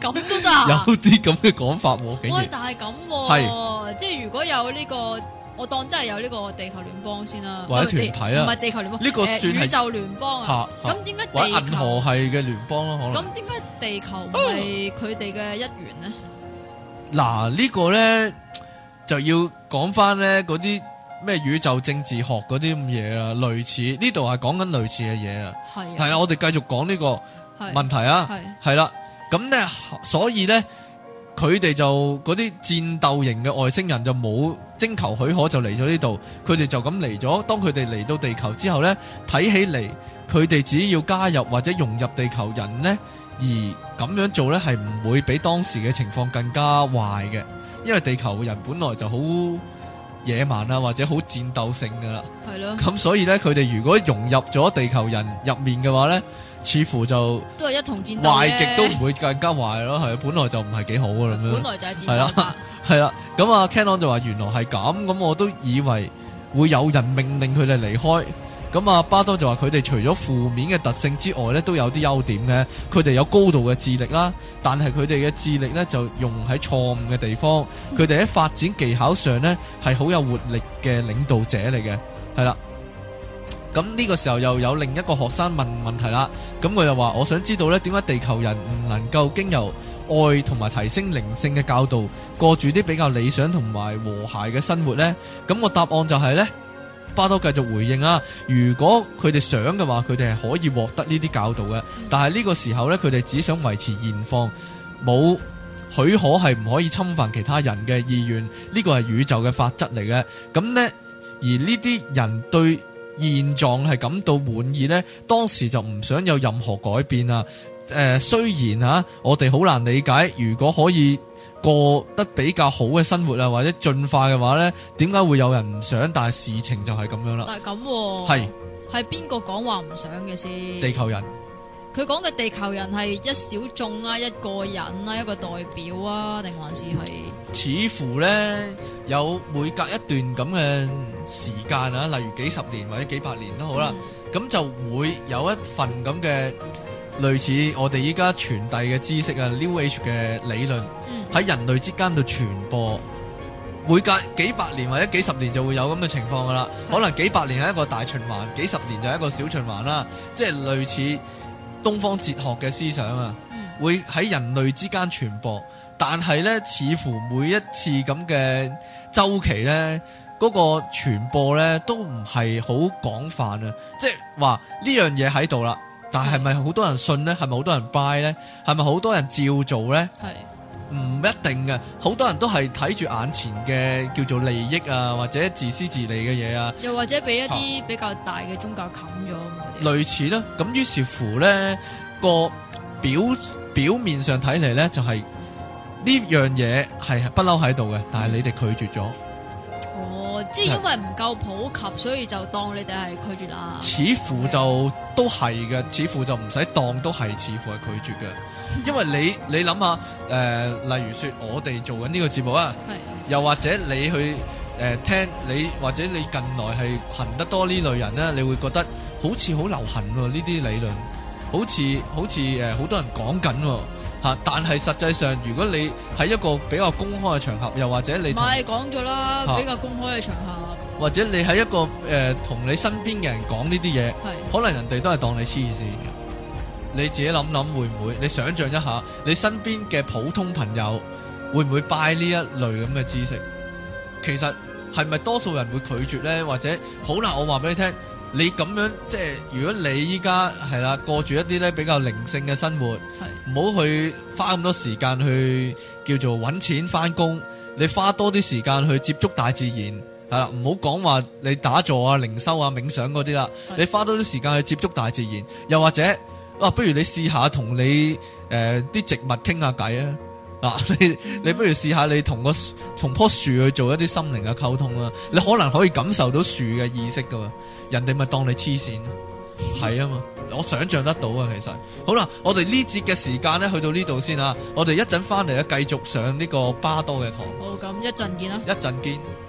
咁都得？有啲咁嘅講法喎，喂，但係咁係，即係如果有呢個。我當真係有呢個地球聯邦先啦、啊，或者團體啊，唔係地，地球聯邦，呢、這個算、呃、宇宙聯邦啊。咁點解地球或者銀河系嘅聯邦咯、啊？可能咁點解地球唔係佢哋嘅一員呢？嗱、啊，這個、呢個咧就要講翻咧嗰啲咩宇宙政治學嗰啲咁嘢啊，類似呢度係講緊類似嘅嘢啊。係係啊，我哋繼續講呢個問題啊。係係啦，咁咧、啊、所以咧。佢哋就嗰啲戰鬥型嘅外星人就冇徵求許可就嚟咗呢度，佢哋就咁嚟咗。當佢哋嚟到地球之後呢，睇起嚟佢哋只要加入或者融入地球人呢，而咁樣做呢，係唔會比當時嘅情況更加壞嘅，因為地球人本來就好野蠻啊或者好戰鬥性噶啦。係咯。咁所以呢，佢哋如果融入咗地球人入面嘅話呢。似乎就都係一同戰鬥，壞極都唔會更加壞咯。係啊，本來就唔係幾好嘅咁樣。本來就係戰鬥吧。係啦、啊，係啦、啊。咁啊，Canon 就話原來係咁，咁我都以為會有人命令佢哋離開。咁、嗯、啊，巴多就話佢哋除咗負面嘅特性之外咧，都有啲優點嘅。佢哋有高度嘅智力啦，但係佢哋嘅智力咧就用喺錯誤嘅地方。佢哋喺發展技巧上咧係好有活力嘅領導者嚟嘅，係、嗯、啦。咁、這、呢個時候又有另一個學生問問題啦。咁佢又話，我想知道呢，點解地球人唔能夠經由愛同埋提升靈性嘅教導，過住啲比較理想同埋和諧嘅生活呢？那」咁個答案就係呢。巴多繼續回應啦、啊。如果佢哋想嘅話，佢哋係可以獲得呢啲教導嘅。但係呢個時候呢，佢哋只想維持現況，冇許可係唔可以侵犯其他人嘅意願。呢、這個係宇宙嘅法則嚟嘅。咁呢，而呢啲人對。現狀係感到滿意咧，當時就唔想有任何改變啦、啊。誒、呃，雖然吓、啊、我哋好難理解，如果可以過得比較好嘅生活啊，或者進化嘅話咧，點解會有人唔想？但係事情就係咁樣啦。但係咁、啊，係係邊個講話唔想嘅先？地球人。佢講嘅地球人係一小眾啊，一個人啊，一個代表啊，定還是係？似乎呢，有每隔一段咁嘅時間啊，例如幾十年或者幾百年都好啦，咁、嗯、就會有一份咁嘅類似我哋依家傳遞嘅知識啊，New Age 嘅理論喺人類之間度傳播，每隔幾百年或者幾十年就會有咁嘅情況㗎喇。嗯、可能幾百年係一個大循環，幾十年就係一個小循環啦，即係類似，東方哲學嘅思想啊，會喺人類之間傳播，但係呢，似乎每一次咁嘅周期呢，嗰、那個傳播呢都唔係好廣泛啊！即係話呢樣嘢喺度啦，但係咪好多人信呢？係咪好多人拜呢？係咪好多人照做呢？係。唔一定嘅，好多人都係睇住眼前嘅叫做利益啊，或者自私自利嘅嘢啊，又或者俾一啲比較大嘅宗教冚咗，啊、類似啦。咁於是乎咧，個表表面上睇嚟咧，就係呢樣嘢係不嬲喺度嘅，但係你哋拒絕咗。嗯。即係因為唔夠普及，所以就當你哋係拒絕啦。似乎就都係嘅，似乎就唔使當都係，似乎係拒絕嘅。因為你你諗下，誒、呃，例如說我哋做緊呢個節目啊，係，又或者你去誒、呃、聽你或者你近來係群得多呢類人咧，你會覺得好似好流行呢啲理論，好似好似誒好多人講緊。但係實際上，如果你喺一個比較公開嘅場合，又或者你唔係講咗啦、啊，比較公開嘅場合，或者你喺一個誒同、呃、你身邊嘅人講呢啲嘢，可能人哋都係當你黐綫嘅。你自己諗諗會唔會？你想象一下，你身邊嘅普通朋友會唔會拜呢一類咁嘅知識？其實係咪多數人會拒絕呢？或者好難我告，我話俾你聽。你咁樣即係，如果你依家係啦，過住一啲咧比較靈性嘅生活，係，唔好去花咁多時間去叫做搵錢返工，你花多啲時間去接觸大自然，係啦，唔好講話你打坐啊、靈修啊、冥想嗰啲啦，你花多啲時間去接觸大自然，又或者，啊，不如你試下同你誒啲、呃、植物傾下偈啊。嗱、啊，你你不如試下你同個同棵樹去做一啲心靈嘅溝通啦，你可能可以感受到樹嘅意識噶，人哋咪當你黐線咯，係啊嘛，我想象得到啊，其實好啦，我哋呢節嘅時間咧，去到呢度先啊，我哋一陣翻嚟啊，繼續上呢個巴多嘅堂。好，咁一陣見啦。一陣見。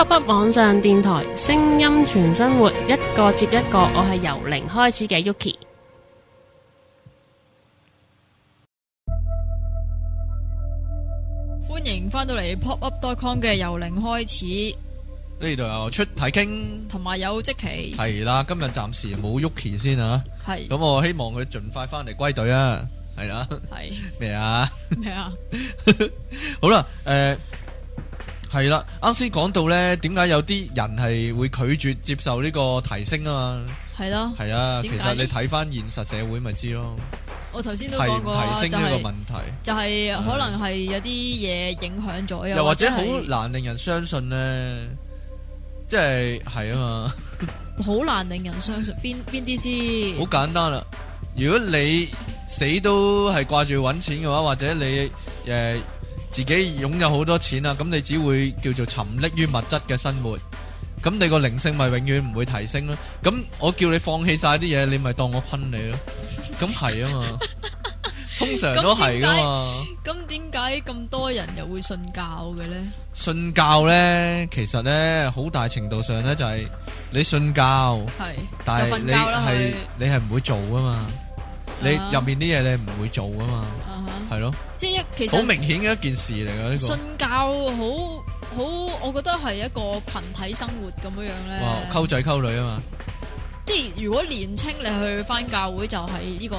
pop up 網上電台，聲音全生活，一個接一個，我係由零開始嘅 Yuki，歡迎翻到嚟 pop up dot com 嘅由零開始，呢度有出體傾，同埋有即期，係啦，今日暫時冇 Yuki 先啊，係，咁我希望佢盡快翻嚟歸隊啊，係啦，係咩啊？咩啊？啊 好啦，誒、呃。 係啦，啱先講到咧，點解有啲人係會拒絕接受呢個提升啊？嘛係咯，係啊，其實你睇翻現實社會咪知咯。我頭先都講過提升呢個問題就係、就係、可能係有啲嘢影響咗。又或者好難令人相信咧，即係係啊嘛，好 難令人相信邊邊啲先。好簡單啦、啊，如果你死都係掛住揾錢嘅話，或者你誒。呃自己擁有好多錢呀，咁你只會叫做沉溺於物質嘅生活，咁你個靈性咪永遠唔會提升咯。咁我叫你放棄曬啲嘢，你咪當我困你咯。咁係啊嘛，通常都係噶嘛。咁點解咁多人又會信教嘅呢？信教呢，其實呢，好大程度上呢就係你信教，但係你係你係唔會做噶嘛。你入面啲嘢你唔會做噶嘛。係咯，即係一其實好明顯嘅一件事嚟噶呢個。信教好好，我覺得係一個群體生活咁樣樣咧。哇，溝仔溝女啊嘛！即係如果年青你去翻教會就係呢個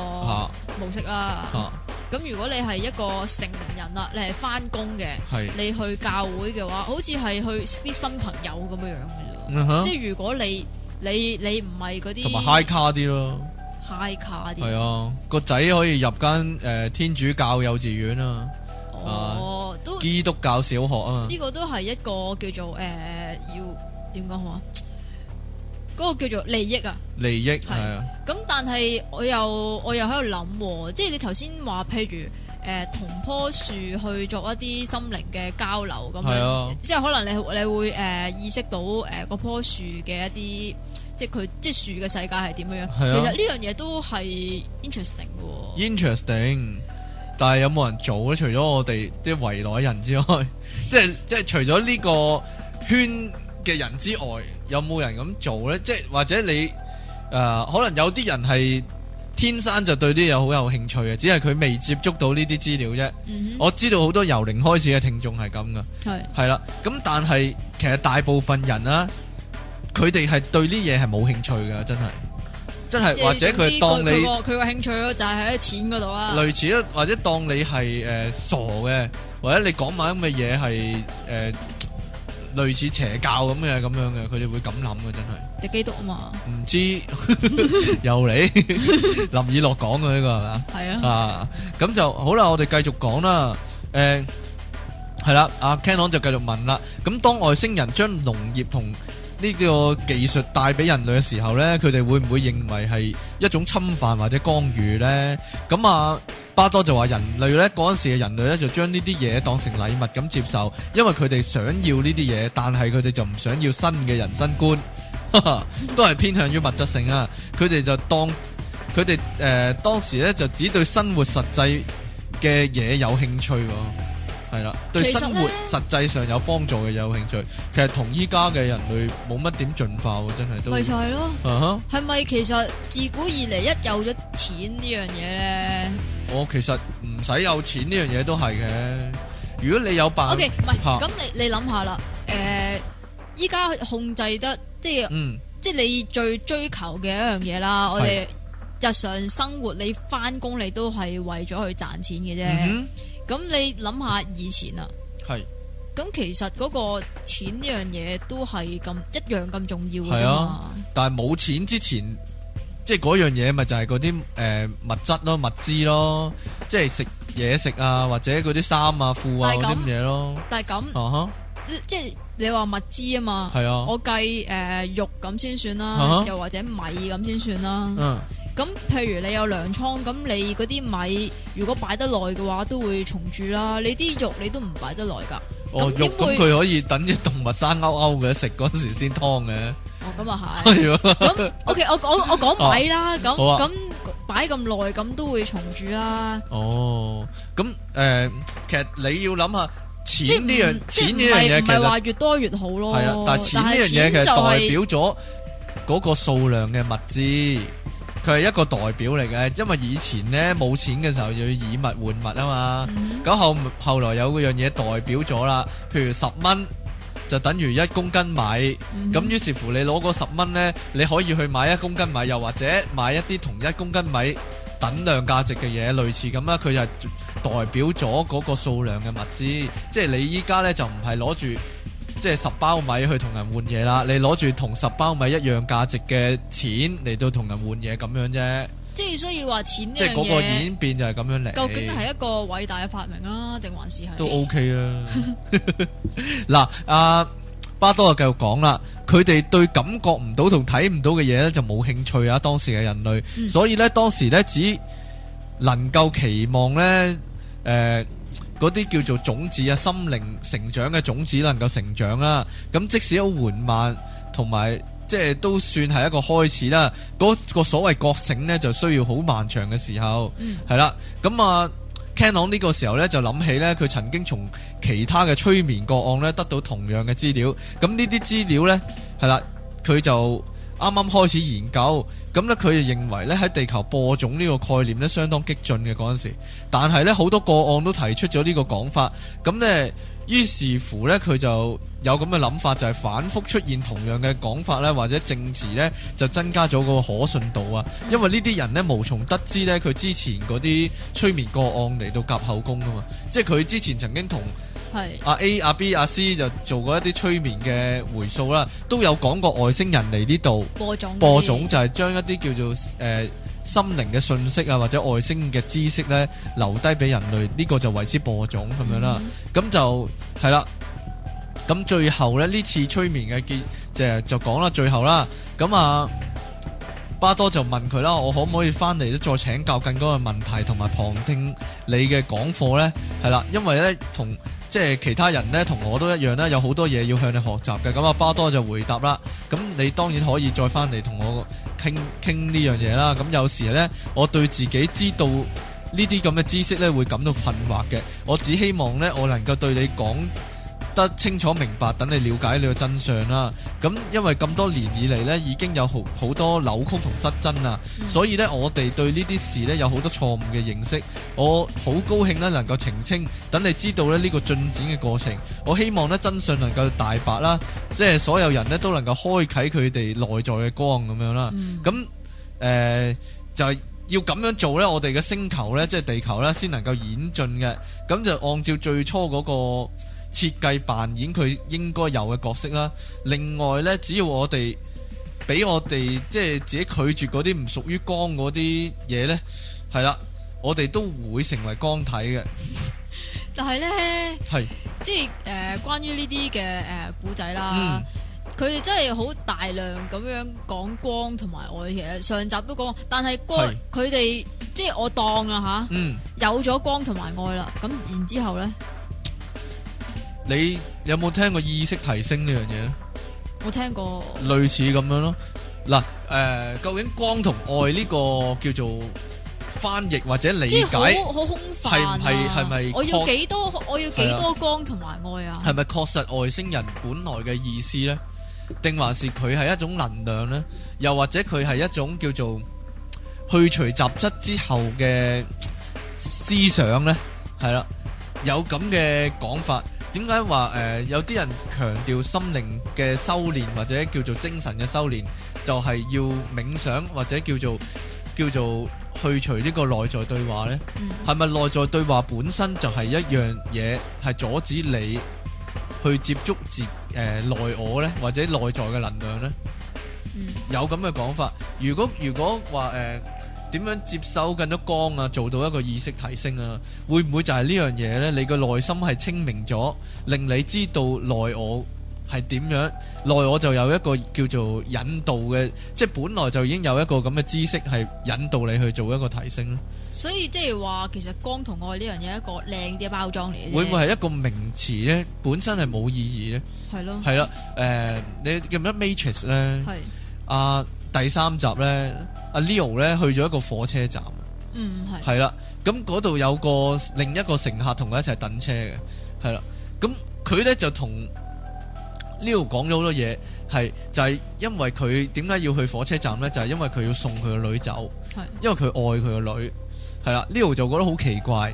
模式啦。咁、啊啊、如果你係一個成年人啦，你係翻工嘅，你去教會嘅話，好似係去識啲新朋友咁樣樣嘅、嗯、即係如果你你你唔係嗰啲同埋 high 卡啲咯。太卡啲，係啊，個仔可以入間誒、呃、天主教幼，幼稚園啊，哦，都基督教小學啊，呢個都係一個叫做誒、呃、要點講好啊，嗰、那個叫做利益啊，利益係啊，咁但係我又我又喺度諗，即係你頭先話譬如誒、呃、同棵樹去做一啲心靈嘅交流咁樣，啊、即係可能你你會誒、呃、意識到誒、呃、棵樹嘅一啲。即係佢，即係樹嘅世界係點樣，啊？其實呢樣嘢都係 interesting 嘅，哦。interesting，但係有冇人做咧？除咗我哋啲圍內人之外 即，即係即係除咗呢個圈嘅人之外，有冇人咁做咧？即係或者你誒、呃，可能有啲人係天生就對啲嘢好有興趣嘅，只係佢未接觸到呢啲資料啫、嗯。我知道好多由零開始嘅聽眾係咁噶，係係啦。咁但係其實大部分人啦、啊。佢哋係對呢嘢係冇興趣噶真係真係，或者佢當你佢個佢個興趣咯，就係喺錢嗰度啦。類似咯，或者當你係誒傻嘅，或者你講埋咁嘅嘢係誒類似邪教咁嘅，咁樣嘅，佢哋會咁諗嘅，真係。你基督啊嘛？唔知又嚟林以樂講嘅呢個係咪啊？係啊。啊，咁就好啦。我哋繼續講啦。誒，係啦。阿 Canon 就繼續問啦。咁當外星人將農業同。呢、這個技術帶俾人類嘅時候呢，佢哋會唔會認為係一種侵犯或者干預呢？咁啊，巴多就話人類呢，嗰時嘅人類呢，就將呢啲嘢當成禮物咁接受，因為佢哋想要呢啲嘢，但係佢哋就唔想要新嘅人生觀，哈哈，都係偏向於物質性啊。佢哋就當佢哋、呃、當時呢，就只對生活實際嘅嘢有興趣喎。係啦，對生活實際上有幫助嘅有興趣，其實同依家嘅人類冇乜點進化的，真係都咪就係、是、咯，係、啊、咪其實自古以嚟一有咗錢這呢樣嘢咧？我其實唔使有錢呢樣嘢都係嘅，如果你有辦法，O K，唔係，咁、okay, 你你諗下啦，誒、呃，依家控制得，即係，嗯，即係你最追求嘅一樣嘢啦，我哋日常生活你翻工你都係為咗去賺錢嘅啫。嗯咁你諗下以前啊，係咁其實嗰個錢呢樣嘢都係咁一樣咁重要嘅啫，係啊，但係冇錢之前，即係嗰樣嘢咪就係嗰啲誒物質咯，物資咯，即係食嘢食啊，或者嗰啲衫啊、褲啊啲嘢咯。但係咁，uh-huh? 即係你話物資啊嘛。係啊，我計誒、呃、肉咁先算啦，uh-huh? 又或者米咁先算啦。嗯，uh-huh。咁譬如你有糧倉，咁你嗰啲米如果擺得耐嘅話，都會蟲蛀啦。你啲肉你都唔擺得耐噶。咁點會佢可以等隻動物生勾勾嘅食嗰時先劏嘅。哦，咁啊係。咁 OK，我我我講米啦。咁咁擺咁耐，咁、啊、都會蟲蛀啦。哦，咁誒、呃，其實你要諗下錢呢樣錢呢樣嘢，其實唔係話越多越好咯。係啊，但係錢呢樣嘢其實代表咗嗰個數量嘅物資。佢係一個代表嚟嘅，因為以前呢，冇錢嘅時候，要以物換物啊嘛。咁、mm-hmm. 後後來有嗰樣嘢代表咗啦，譬如十蚊就等於一公斤米，咁、mm-hmm. 於是乎你攞個十蚊呢，你可以去買一公斤米，又或者買一啲同一公斤米等量價值嘅嘢，類似咁啦。佢就代表咗嗰個數量嘅物資，即係你依家呢，就唔係攞住。即係十包米去同人換嘢啦，你攞住同十包米一樣價值嘅錢嚟到同人換嘢咁樣啫。即係需要話錢嘅嘢。即係嗰個演變就係咁樣嚟。究竟係一個偉大嘅發明啊，定還是係？都 OK 啊。嗱、 啊，阿巴多就繼續講啦，佢哋對感覺唔到同睇唔到嘅嘢咧就冇興趣啊。當時嘅人類，嗯、所以咧當時咧只能夠期望咧誒。呃嗰啲叫做種子啊，心靈成長嘅種子能夠成長啦。咁即使好緩慢，同埋即係都算係一個開始啦。嗰個所謂覺醒呢，就需要好漫長嘅時候，係、嗯、啦。咁啊，Cannon 呢個時候呢，就諗起呢，佢曾經從其他嘅催眠個案呢得到同樣嘅資料。咁呢啲資料呢，係啦，佢就。啱啱開始研究，咁咧佢就認為咧喺地球播種呢個概念咧相當激進嘅嗰陣時，但係咧好多個案都提出咗呢個講法，咁咧於是乎咧佢就有咁嘅諗法，就係反覆出現同樣嘅講法咧或者證詞咧，就增加咗個可信度啊，因為呢啲人咧無從得知咧佢之前嗰啲催眠個案嚟到夾口供噶嘛，即係佢之前曾經同。係阿 A 阿 B 阿 C 就做過一啲催眠嘅回溯啦，都有講過外星人嚟呢度播種。播種就係、是、將一啲叫做誒、呃、心靈嘅信息啊，或者外星嘅知識呢，留低俾人類呢、這個就為之播種咁、嗯、樣啦，咁就係啦，咁最後呢，呢次催眠嘅結就講啦，最後啦，咁啊巴多就問佢啦，我可唔可以翻嚟再請教更多嘅問題同埋旁聽你嘅講課呢？嗯」係啦，因為呢同。即係其他人呢，同我都一樣啦，有好多嘢要向你學習嘅。咁阿巴多就回答啦。咁你當然可以再翻嚟同我傾傾呢樣嘢啦。咁有時呢，我對自己知道呢啲咁嘅知識呢，會感到困惑嘅。我只希望呢，我能夠對你講得清楚明白，等你了解你嘅真相啦。咁因為咁多年以嚟咧，已經有好好多扭曲同失真啦、嗯，所以咧我哋對呢啲事咧有好多錯誤嘅認識。我好高興咧，能夠澄清，等你知道咧呢、這個進展嘅過程。我希望咧真相能夠大白啦，即係所有人咧都能夠開啟佢哋內在嘅光咁樣啦。咁、嗯、誒、呃，就係要咁樣做咧，我哋嘅星球咧，即係地球咧，先能夠演進嘅。咁就按照最初嗰、那個。設計扮演佢應該有嘅角色啦。另外呢，只要我哋俾我哋即係自己拒絕嗰啲唔屬於光嗰啲嘢呢，係啦，我哋都會成為光體嘅。但係呢，係即係誒、呃，關於呢啲嘅誒古仔啦。佢、嗯、哋真係好大量咁樣講光同埋愛嘅。其實上集都講，但係光佢哋即係我當啊吓、嗯，有咗光同埋愛啦。咁然之後咧。你有冇聽過意識提升呢樣嘢呢？我聽過類似咁樣咯。嗱，誒，究竟光同愛呢個叫做翻譯或者理解，好空泛，係唔係係咪？我要幾多我要幾多光同埋愛啊？係咪確實外星人本來嘅意思呢？定還是佢係一種能量呢？又或者佢係一種叫做去除雜質之後嘅思想呢？係啦，有咁嘅講法。點解話誒，有啲人強調心靈嘅修煉或者叫做精神嘅修煉，就係、是、要冥想或者叫做叫做去除呢個內在對話呢？係咪內在對話本身就係一樣嘢，係阻止你去接觸自誒內、呃、我呢？或者內在嘅能量呢？嗯、有咁嘅講法？如果如果話誒？呃點樣接收更多光啊？做到一個意識提升啊？會唔會就係呢樣嘢呢？你個內心係清明咗，令你知道內我係點樣？內我就有一個叫做引導嘅，即係本來就已經有一個咁嘅知識係引導你去做一個提升咯、啊。所以即係話，其實光同愛呢樣嘢一個靚啲嘅包裝嚟嘅，會唔會係一個名詞呢？本身係冇意義呢？係咯，係啦，誒，你叫咩 Matrix 呢？係第三集呢，阿 Leo 呢去咗一個火車站，嗯係，係啦，咁嗰度有個另一個乘客同佢一齊等車嘅，係啦，咁佢呢就同 Leo 講咗好多嘢，係就係、係、因為佢點解要去火車站呢？就係、係、因為佢要送佢個女走，係，因為佢愛佢個女，係啦，Leo 就覺得好奇怪，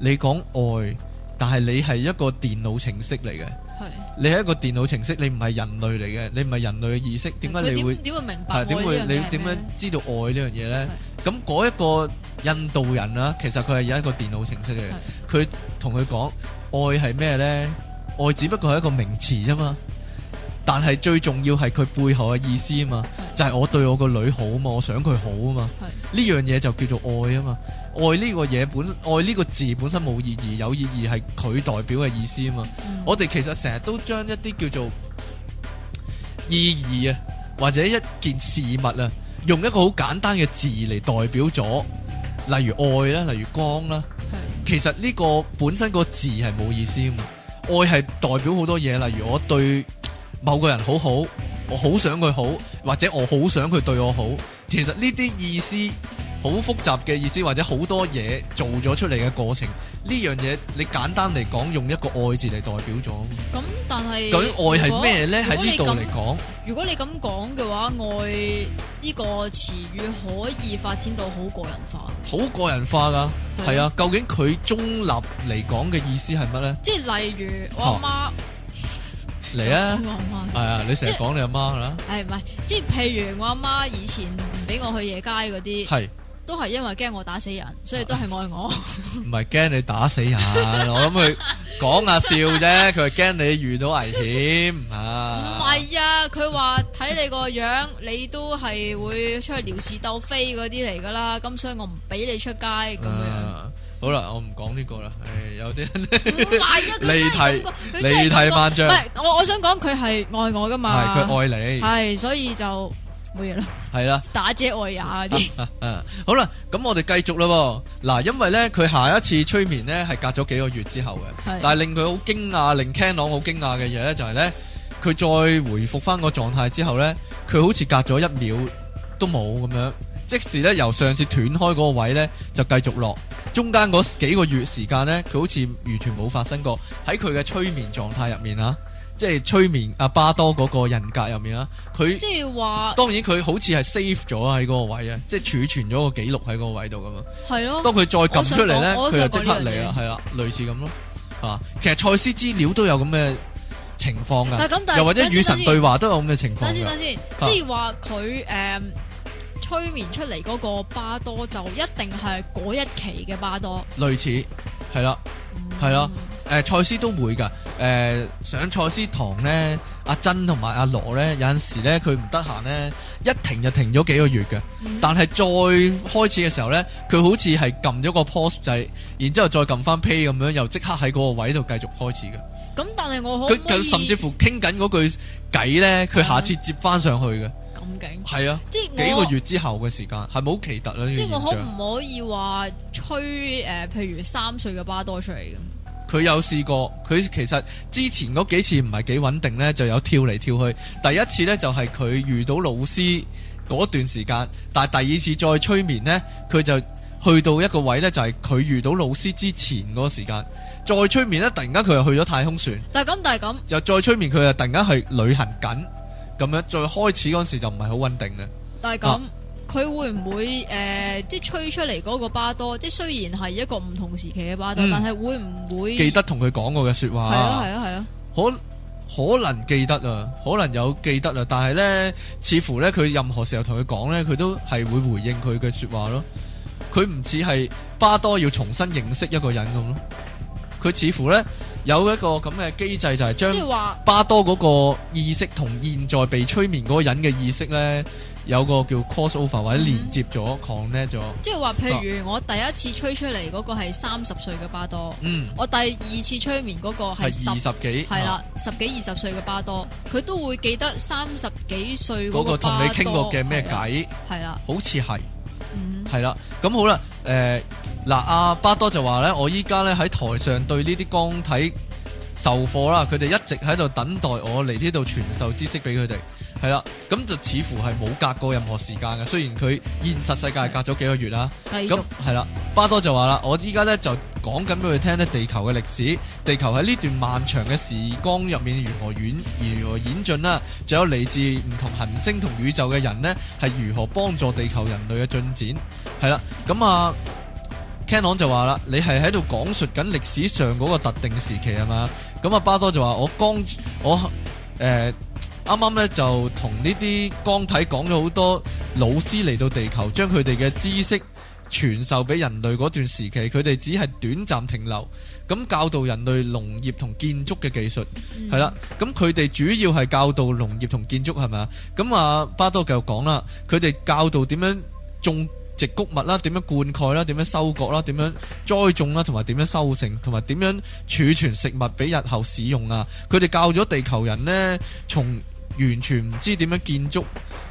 你講愛，但係你係一個電腦程式嚟嘅。係你係一個電腦程式，你唔係人類嚟嘅，你唔係人類嘅意識，點解你會？點會明白？係點會，你點樣知道愛呢樣嘢呢？咁嗰一個印度人啦，其實佢係有一個電腦程式嘅，佢同佢講愛係咩呢？愛只不過係一個名詞啫嘛。但係最重要係佢背後嘅意思啊嘛，是就係、是、我對我個女好啊嘛，我想佢好啊嘛，呢樣嘢就叫做愛啊嘛，愛呢個嘢本愛呢個字本身冇意義，有意義係佢代表嘅意思啊嘛，嗯、我哋其實成日都將一啲叫做意義啊或者一件事物啊，用一個好簡單嘅字嚟代表咗，例如愛啦、啊，例如光啦、啊，其實呢個本身個字係冇意思啊嘛，愛係代表好多嘢，例如我對。某個人好好，我好想佢好，或者我好想佢對我好。其實呢啲意思好複雜嘅意思，或者好多嘢做咗出嚟嘅過程，呢樣嘢你簡單嚟講，用一個愛字嚟代表咗。咁但係，究竟愛係咩呢？喺呢度嚟講，如果你咁講嘅話，愛呢個詞語可以發展到好個人化。好個人化㗎，係啊。究竟佢中立嚟講嘅意思係乜呢？即係例如我阿媽，媽、哦。嚟啊！我阿媽。係、嗯、啊，你成日講你阿媽啦。係唔係？即係、哎、譬如我阿媽以前唔俾我去夜街嗰啲，都係因為驚我打死人，所以都係愛我。唔係驚你打死人， 我諗佢講下笑啫。佢係驚你遇到危險啊。唔係啊，佢話睇你個樣， 你都係會出去撩事鬥非嗰啲嚟噶啦。咁所以我唔俾你出街咁樣。啊好啦，我唔講呢個啦。誒，有啲，你睇，你睇萬章。唔係，我我想講佢係愛我噶嘛。係，佢愛你。係，所以就冇嘢啦。係啦，打姐愛也啲。誒，好啦，咁我哋繼續啦。嗱，因為咧，佢下一次催眠咧係隔咗幾個月之後嘅。係。但係令佢好驚訝，令 Ken 朗好驚訝嘅嘢咧就係咧，佢再回復翻個狀態之後咧，佢好似隔咗一秒都冇咁樣。即時咧，由上次斷開嗰個位咧，就繼續落。中間嗰幾個月時間咧，佢好似完全冇發生過。喺佢嘅催眠狀態入面啊，即係催眠阿、啊、巴多嗰個人格入面啊，佢即係話，當然佢好似係 save 咗喺嗰個位啊，即係儲存咗個記錄喺嗰個位度咁啊。係咯。當佢再撳出嚟，咧，佢就即刻嚟啦，係啦，類似咁咯。啊，其實賽斯資料都有咁嘅情況噶，又或者與神對話都有咁嘅情況先等等等等等等，即係話佢誒。嗯催眠出嚟嗰個巴多就一定係嗰一期嘅巴多，類似係啦，係啦，誒、嗯，賽斯、嗯呃、都會噶，誒、呃，上賽斯堂咧、嗯，阿珍同埋阿羅咧，有陣時咧佢唔得閒咧，一停就停咗幾個月嘅、嗯，但係再開始嘅時候咧，佢好似係撳咗個 pause 制然之後再撳翻 play 咁樣，又即刻喺嗰個位度繼續開始嘅。咁、嗯、但係我佢甚至乎傾緊嗰句偈咧，佢下次接翻上去嘅。嗯係啊，即幾個月之後嘅時間係咪好奇特啊？即係我可唔可以話催誒？譬如三歲嘅巴多出嚟咁，佢有試過。佢其實之前嗰幾次唔係幾穩定呢，就有跳嚟跳去。第一次呢，就係佢遇到老師嗰段時間，但係第二次再催眠呢，佢就去到一個位呢，就係佢遇到老師之前嗰個時間。再催眠呢，突然間佢又去咗太空船。但係咁，但係咁又再催眠佢啊，突然間去旅行緊。咁樣最開始嗰時就唔係好穩定嘅，但係咁佢會唔會誒、呃，即係吹出嚟嗰個巴多，即係雖然係一個唔同時期嘅巴多，嗯、但係會唔會記得同佢講過嘅說話？係啊，係啊，係啊，可可能記得啊，可能有記得啊，但係呢，似乎呢，佢任何時候同佢講呢，佢都係會回應佢嘅說話咯。佢唔似係巴多要重新認識一個人咁咯，佢似乎呢。有一個咁嘅機制就係將巴多嗰個意識同現在被催眠嗰個人嘅意識呢，有個叫 cross over 或者連接咗 connect 咗。即係話，譬如我第一次催出嚟嗰個係三十歲嘅巴多，嗯、我第二次催眠嗰個係二十幾，係啦的，的十幾，的十幾二十歲嘅巴多，佢都會記得三十幾歲嗰個巴多同你傾過嘅咩偈？係啦，好似係。係、mm-hmm. 啦，咁好啦，誒、呃，嗱、啊，阿巴多就話咧，我依家咧喺台上對呢啲光體授課啦，佢哋一直喺度等待我嚟呢度傳授知識俾佢哋。係啦，咁就似乎係冇隔過任何時間嘅，雖然佢現實世界隔咗幾個月啦，咁係啦。巴多就話啦，我依家呢，就講緊俾佢聽呢，地球嘅歷史，地球喺呢段漫長嘅時光入面如何演如何演進啦，仲有嚟自唔同行星同宇宙嘅人呢，係如何幫助地球人類嘅進展。係、嗯、啦，咁啊，Canon 就話啦，你係喺度講述緊歷史上嗰個特定時期係嘛？咁啊，巴多就話我剛我誒。呃啱啱咧就同呢啲光體講咗好多，老師嚟到地球將佢哋嘅知識傳授俾人類嗰段時期，佢哋只係短暫停留，咁教導人類農業同建築嘅技術，係、嗯、啦，咁佢哋主要係教導農業同建築係咪啊？咁啊，巴多繼續講啦，佢哋教導點樣種植穀物啦，點樣灌溉啦，點樣收割啦，點樣栽種啦，同埋點樣收成，同埋點樣儲存食物俾日後使用啊？佢哋教咗地球人呢，從完全唔知點樣建築，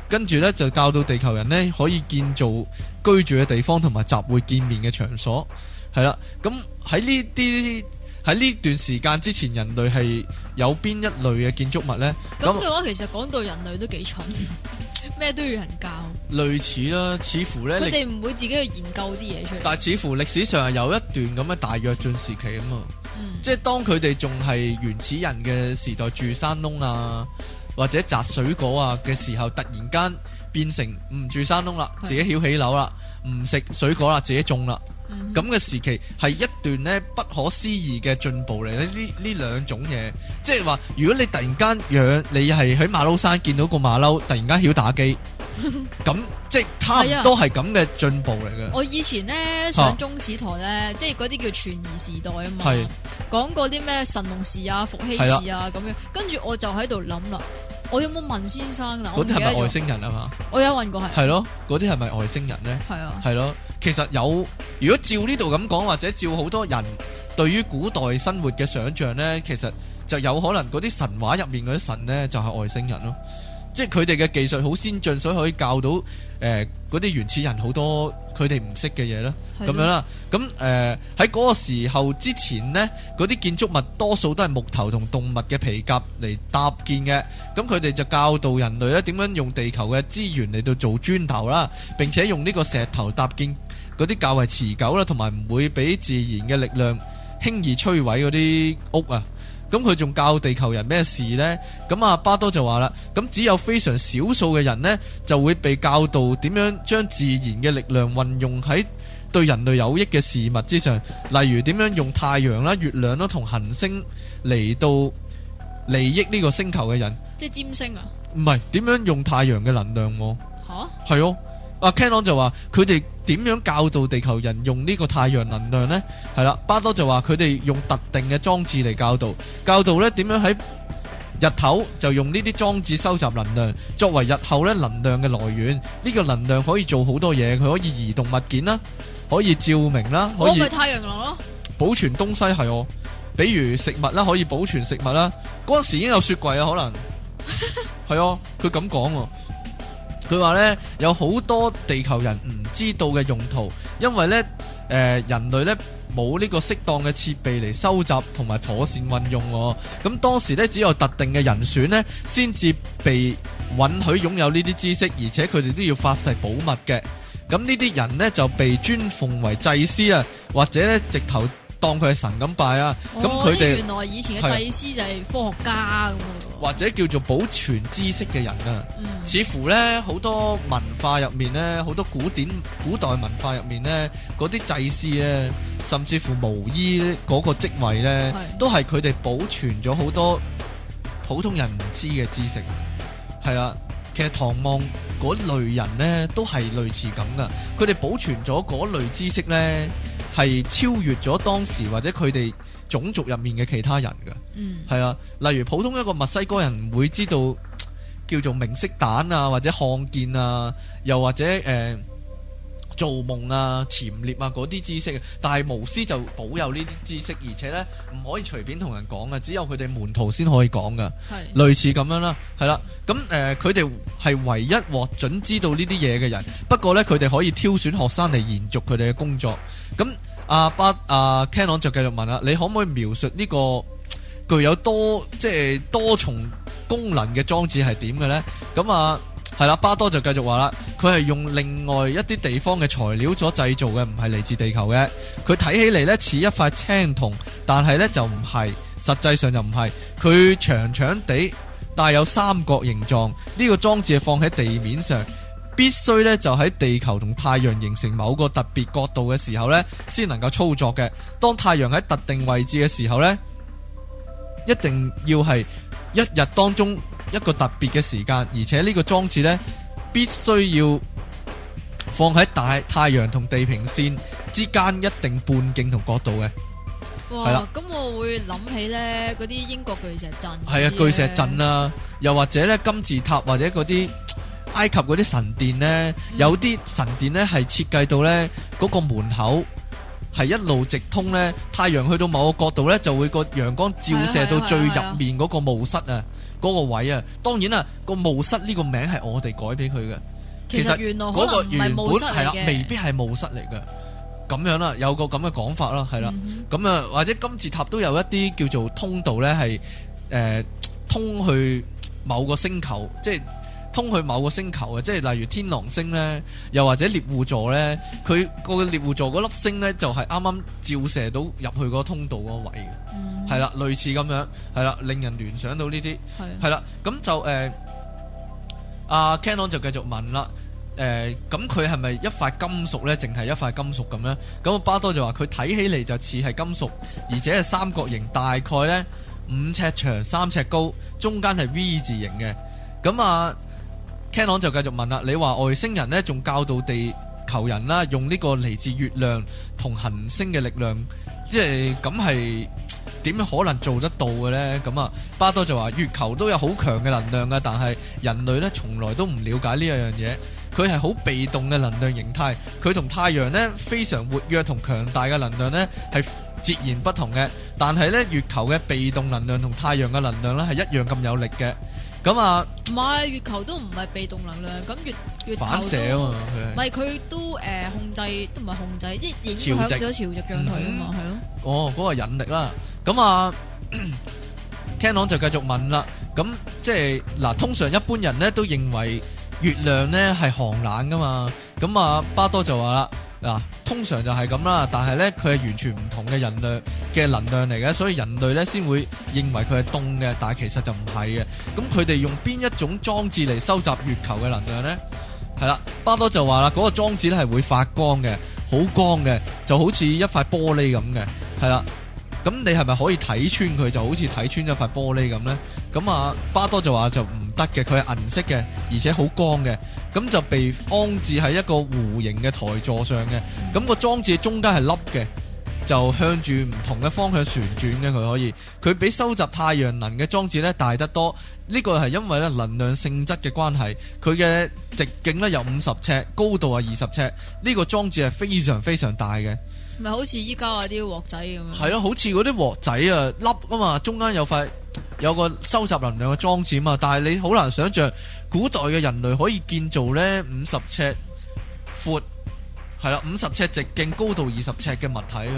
跟住呢就教到地球人呢可以建造，居住嘅地方同埋集會見面嘅場所，係啦。咁喺呢啲喺呢段時間之前，人類係有邊一類嘅建築物呢？咁嘅話，其實講到人類都幾蠢，咩 都要人教。類似啦、啊，似乎呢。佢哋唔會自己去研究啲嘢出嚟。但係似乎歷史上係有一段咁嘅大躍進時期啊嘛、嗯，即係當佢哋仲係原始人嘅時代，住山窿啊。或者摘水果啊，嘅時候，突然間變成唔住山窿啦，自己曉起樓啦，唔食水果啦，自己種啦，咁、嗯、嘅時期係一段呢不可思議嘅進步嚟。呢呢呢兩種嘢，即係話，如果你突然間養，你係喺馬騮山見到個馬騮，突然間曉打機。咁 即係，都係咁嘅進步嚟嘅。我以前咧上中史台咧、啊，即係嗰啲叫傳疑時代啊嘛，係講過啲咩神農氏啊、伏羲氏啊咁、啊、樣，跟住我就喺度諗啦，我有冇問先生嗱？嗰啲係咪外星人啊嘛？我有問過係。係咯、啊，嗰啲係咪外星人咧？係啊。係咯、啊，其實有，如果照呢度咁講，或者照好多人對於古代生活嘅想象咧，其實就有可能嗰啲神話入面嗰啲神咧，就係、是、外星人咯。即係佢哋嘅技術好先進，所以可以教到誒嗰啲原始人好多佢哋唔識嘅嘢啦，咁樣啦。咁誒喺嗰個時候之前呢，嗰啲建築物多數都係木頭同動物嘅皮甲嚟搭建嘅。咁佢哋就教導人類呢點樣用地球嘅資源嚟到做磚頭啦，並且用呢個石頭搭建嗰啲較為持久啦，同埋唔會俾自然嘅力量輕易摧毀嗰啲屋啊。咁佢仲教地球人咩事呢？咁阿巴多就話啦，咁只有非常少數嘅人呢，就會被教導點樣將自然嘅力量運用喺對人類有益嘅事物之上，例如點樣用太陽啦、月亮啦同行星嚟到利益呢個星球嘅人。即係尖星啊？唔係，點樣用太陽嘅能量、啊？吓、huh? 啊，係喎。啊，Canon 就話佢哋點樣教導地球人用呢個太陽能量呢？係啦，巴多就話佢哋用特定嘅裝置嚟教導，教導呢點樣喺日頭就用呢啲裝置收集能量，作為日後呢能量嘅來源。呢個能量可以做好多嘢，佢可以移動物件啦，可以照明啦，可以太陽能咯。保存東西係哦，比如食物啦，可以保存食物啦。嗰時已經有雪櫃啊，可能係喎，佢咁講。佢話咧，有好多地球人唔知道嘅用途，因為咧誒、呃、人類咧冇呢個適當嘅設備嚟收集同埋妥善運用，咁、嗯、當時咧，只有特定嘅人選咧先至被允許擁有呢啲知識，而且佢哋都要發誓保密嘅。咁、嗯、呢啲人咧就被尊奉為祭司啊，或者咧直頭當佢係神咁拜啊。咁佢哋原來以前嘅祭司就係、是、科學家咁。或者叫做保存知識嘅人啊、嗯，似乎呢，好多文化入面呢，好多古典古代文化入面呢，嗰啲祭師呢，甚至乎巫醫嗰個職位呢，嗯、都係佢哋保存咗好多普通人唔知嘅知識。係啊，其實唐望嗰類人呢，都係類似咁噶。佢哋保存咗嗰類知識呢，係超越咗當時或者佢哋種族入面嘅其他人嘅，係、嗯、啊，例如普通一個墨西哥人唔會知道叫做明色蛋啊，或者漢劍啊，又或者、呃做夢啊、潛獵啊嗰啲知識，但係巫師就保有呢啲知識，而且呢唔可以隨便同人講嘅，只有佢哋門徒先可以講嘅。類似咁樣啦，係啦。咁誒，佢哋係唯一獲准知道呢啲嘢嘅人。不過呢，佢哋可以挑選學生嚟延續佢哋嘅工作。咁阿、啊、巴阿 Canon、啊、就繼續問啦、啊：你可唔可以描述呢、這個具有多即係、就是、多重功能嘅裝置係點嘅呢？」咁啊？係啦，巴多就繼續話啦，佢係用另外一啲地方嘅材料所製造嘅，唔係嚟自地球嘅。佢睇起嚟，呢似一塊青銅，但係呢就唔係，實際上就唔係。佢長長地，帶有三角形狀。呢個裝置係放喺地面上，必須呢就喺地球同太陽形成某個特別角度嘅時候呢先能夠操作嘅。當太陽喺特定位置嘅時候呢，一定要係一日當中，一個特別嘅時間，而且呢個裝置呢必須要放喺大太陽同地平線之間一定半徑同角度嘅。哇！係啦，咁我會諗起呢嗰啲英國巨石陣，係啊，巨石陣啦、啊，又或者呢金字塔或者嗰啲埃及嗰啲神殿呢、嗯、有啲神殿呢係設計到呢嗰個門口。係一路直通呢，太陽去到某個角度呢，就會個陽光照射到最入面嗰個墓室啊，嗰、那個位啊。當然啦、啊，那個墓室呢個名係我哋改俾佢嘅。其實原來可能唔係墓室嘅，未必係墓室嚟嘅。咁樣啦、啊，有個咁嘅講法啦、啊，係啦。咁、嗯、啊，或者金字塔都有一啲叫做通道呢，係、呃、通去某個星球，即係。通去某個星球，即係例如天狼星呢，又或者獵戶座呢，佢個獵戶座嗰粒星呢，就係啱啱照射到入去嗰通道嗰位嘅，係、嗯、啦，類似咁樣，係啦，令人聯想到呢啲，係啦，咁就誒，阿、呃、Canon、啊、就繼續問啦，誒、呃，咁佢係咪一塊金屬呢？淨係一塊金屬咁樣？咁巴多就話佢睇起嚟就似係金屬，而且係三角形，大概呢，五尺長、三尺高，中間係 V 字形嘅，咁啊。Ken 朗就繼續問啦，你話外星人呢？仲教導地球人啦，用呢個嚟自月亮同行星嘅力量，即係咁係點樣可能做得到嘅呢？咁啊，巴多就話月球都有好強嘅能量啊，但係人類呢，從來都唔了解呢一樣嘢，佢係好被動嘅能量形態，佢同太陽呢，非常活躍同強大嘅能量呢，係截然不同嘅，但係呢，月球嘅被動能量同太陽嘅能量呢，係一樣咁有力嘅。咁啊，唔係月球都唔係被動能量，咁月月反射啊嘛，佢、啊。唔係佢都誒、呃、控制，都唔係控制，即係影響咗潮汐咗佢啊嘛，係咯。哦，嗰、嗰個引力啦，咁啊，Kenon 就繼續問啦，咁即係嗱，通常一般人咧都認為月亮咧係寒冷噶嘛，咁啊巴多就話啦。嗱，通常就係咁啦，但係呢，佢係完全唔同嘅人類嘅能量嚟嘅，所以人類呢先會認為佢係凍嘅，但係其實就唔係嘅。咁佢哋用邊一種裝置嚟收集月球嘅能量呢？係啦，巴多就話啦，嗰個裝置呢係會發光嘅，好光嘅，就好似一塊玻璃咁嘅，係啦。咁你係咪可以睇穿佢，就好似睇穿一塊玻璃咁呢？咁啊巴多就話就唔得嘅，佢係銀色嘅，而且好光嘅。咁就被安置喺一個弧形嘅台座上嘅。咁個裝置中間係凹嘅，就向住唔同嘅方向旋轉嘅佢可以。佢比收集太陽能嘅裝置咧大得多。呢個係因為咧能量性質嘅關係。佢嘅直徑咧有五十尺，高度有二十尺。呢個裝置係非常非常大嘅。咪好似依家啲鑊仔咁樣，係咯、啊，好似嗰啲鑊仔啊，粒啊嘛，中間有塊有個收集能量嘅裝置啊嘛，但係你好難想象古代嘅人類可以建造咧五十尺闊，係啦、啊，五十尺直徑、高度二十尺嘅物體，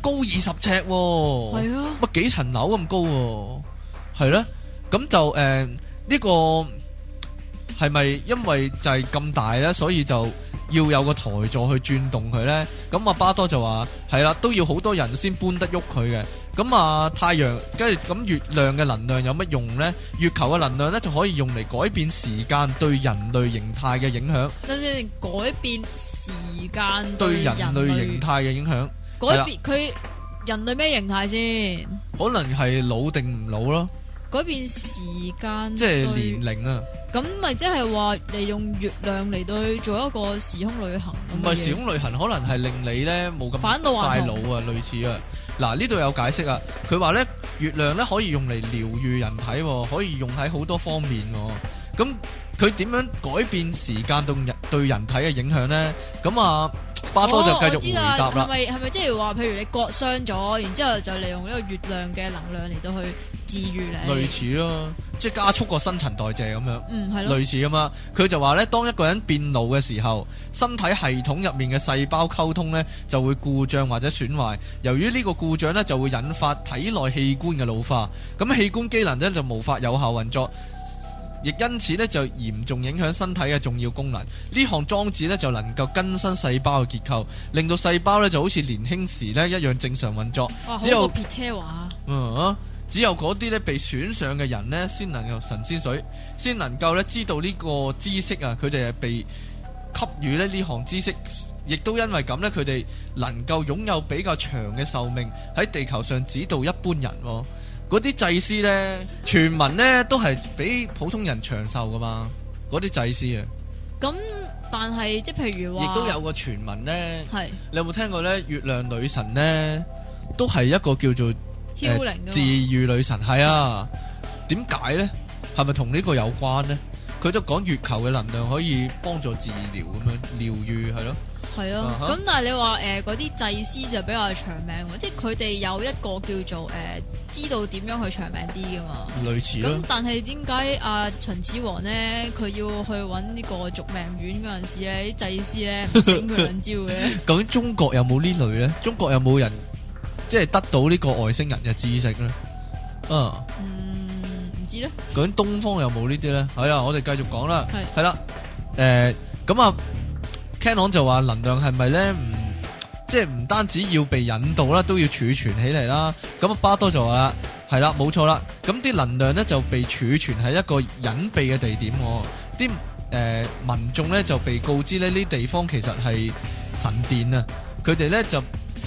高二十尺，乜、啊、幾層樓咁高、啊，係啦咁就誒呢、呃這個係咪因為就係咁大咧，所以就，要有個台座去轉動佢呢。咁阿巴多就話係啦，都要好多人先搬得喐佢嘅。咁啊太陽，跟住咁月亮嘅能量有乜用呢？月球嘅能量呢，就可以用嚟改變時間對人類形態嘅影響。改變時間對人類形態嘅影響。改變佢人類咩形態先？可能係老定唔老咯。改變時間，即係年齡啊！咁咪即係話利用月亮嚟對做一個時空旅行咁嘅嘢。唔係時空旅行，可能係令你咧冇咁快老啊，類似啊。嗱呢度有解釋啊，佢話咧月亮咧可以用嚟療愈人體，可以用喺好多方面。咁佢點樣改變時間對人對人體嘅影響咧？咁啊。巴多就繼續回答啦。係咪係咪即係話，譬如你割傷咗，然之後就利用呢個月亮嘅能量嚟到去治愈你？類似咯，即係加速個新陳代謝咁樣。嗯，係咯。類似咁嘛。佢就話咧，當一個人變老嘅時候，身體系統入面嘅細胞溝通咧就會故障或者損壞。由於呢個故障咧就會引發體內器官嘅老化，咁器官機能咧就無法有效運作。亦因此咧，就嚴重影響身體嘅重要功能。呢項裝置咧，就能夠更新細胞嘅結構，令到細胞咧就好似年輕時咧一樣正常運作。哇，好多。嗯，只有嗰啲咧被選上嘅人咧，先能夠神仙水，先能夠咧知道呢個知識啊。佢哋係被給予咧呢項知識，亦都因為咁咧，佢哋能夠擁有比較長嘅壽命喺地球上，只到一般人。嗰啲祭司呢，傳聞呢都係比普通人長壽噶嘛，嗰啲祭司啊。咁但係即係譬如亦都有個傳聞呢，係你有冇聽過呢？月亮女神呢，都係一個叫做、呃、治癒女神，係啊？點解呢？係咪同呢個有關呢？佢都講月球嘅能量可以幫助治療，咁樣療愈係咯，係咯。咁、uh-huh、但係你話誒嗰啲祭司就比較長命，即係佢哋有一個叫做誒、呃、知道點樣去長命啲噶嘛。類似咁，但係點解阿秦始皇呢？佢要去搵呢個續命丸嗰陣時咧，啲祭司咧唔識佢兩招嘅？ 究竟中國有冇呢類咧？中國有冇人即係、就是、得到呢個外星人嘅知識咧？Uh. 嗯。究竟東方有冇呢啲呢？係、呃、啊，我哋繼續講啦。係啦，咁啊，canon 就話能量係咪呢？唔即係唔單止要被引導啦，都要儲存起嚟啦。咁啊，巴多就話係啦，冇錯啦。咁啲能量呢就被儲存喺一個隱秘嘅地點。喎、呃。啲誒民眾呢就被告知呢呢地方其實係神殿啊。佢哋呢就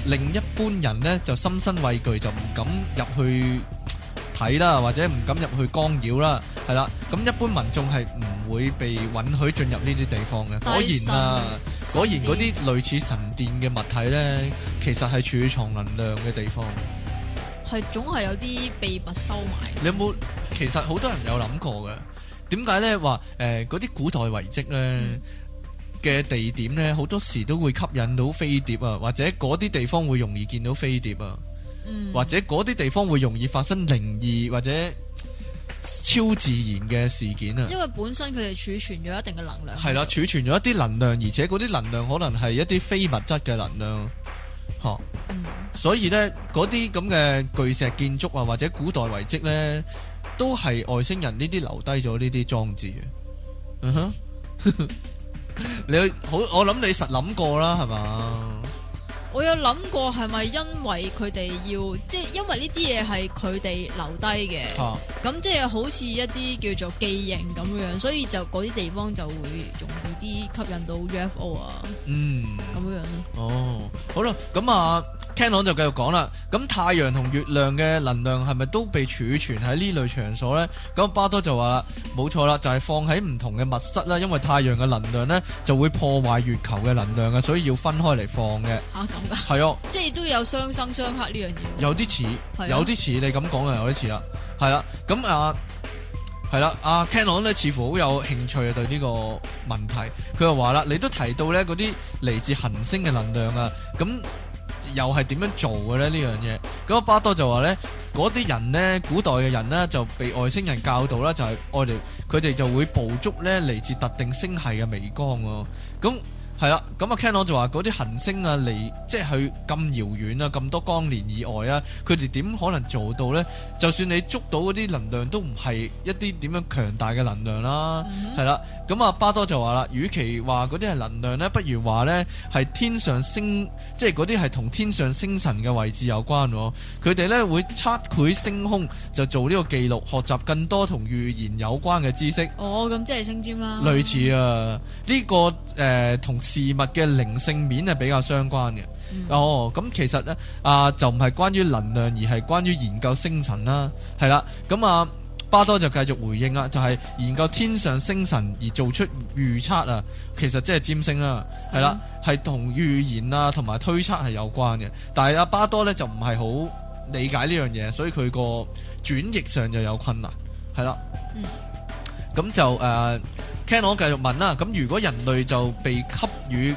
令一般人呢就心生畏懼，就唔敢入去。睇啦，或者唔敢入去干擾啦，係啦。咁一般民眾係唔會被允許進入呢啲地方嘅。果然啊，果然嗰啲類似神殿嘅物體呢，其實係儲藏能量嘅地方。係總係有啲秘密收埋。你有冇其實好多人有諗過嘅？點解呢？話嗰啲古代遺跡呢嘅、嗯、地點呢，好多時都會吸引到飛碟啊，或者嗰啲地方會容易見到飛碟啊？嗯、或者嗰啲地方會容易發生靈異或者超自然嘅事件啊！因為本身佢哋儲存咗一定嘅能量，係啦，儲存咗一啲能量，而且嗰啲能量可能係一啲非物質嘅能量，嗯，所以呢，嗰啲咁嘅巨石建築啊，或者古代遺跡呢，都係外星人呢啲留低咗呢啲裝置嘅。哼、uh-huh. 你好，我諗你實諗過啦，係嘛？我有諗過係咪因為佢哋要，即係因為呢啲嘢係佢哋留低嘅，咁、啊、即係好似一啲叫做記型咁樣，所以就嗰啲地方就會容易啲吸引到 UFO 啊，嗯，咁樣樣咯。哦，好啦，咁啊，Cannon 就繼續講啦。咁太陽同月亮嘅能量係咪都被儲存喺呢類場所咧？咁巴多就話啦，冇錯啦，就係、是、放喺唔同嘅密室啦，因為太陽嘅能量咧就會破壞月球嘅能量啊，所以要分開嚟放嘅。啊係 哦、啊，即係都有相生相克呢樣嘢，有啲似，有啲似你咁講啊，有啲似啦，係啦，咁啊，係啦，阿、啊啊啊啊、Kenon 呢似乎好有興趣、啊、對呢個問題，佢又話啦，你都提到咧嗰啲嚟自恒星嘅能量啊，咁又係點樣做嘅咧呢樣嘢？咁阿巴多就話咧，嗰啲人咧，古代嘅人咧，就被外星人教導咧，就係外頭佢哋就會捕捉咧嚟自特定星系嘅微光哦、啊，咁。係啦，咁啊，Ken 就話嗰啲行星啊，離，即係去咁遙遠啊，咁多光年以外啊，佢哋點可能做到呢？就算你捉到嗰啲能量，都唔係一啲點樣強大嘅能量啦。係、mm-hmm. 啦，咁啊，巴多就話啦，與其話嗰啲係能量呢，不如話呢係天上星，即係嗰啲係同天上星辰嘅位置有關。佢哋呢會測繪星空，就做呢個記錄，學習更多同預言有關嘅知識。哦，咁即係星尖啦。類似啊，呢、這個誒同。呃事物嘅靈性面係比較相關嘅、嗯，哦，咁其實呢，啊，就唔係關於能量，而係關於研究星辰啦，係啦，咁啊巴多就繼續回應啦，就係、是、研究天上星辰而做出預測啊，其實即係占星啦，係、嗯、啦，係同預言啦、啊，同埋推測係有關嘅，但係阿、啊、巴多呢，就唔係好理解呢樣嘢，所以佢個轉譯上就有困難，係啦，咁、嗯、就誒。呃 Can，我繼續問啦，咁如果人類就被給予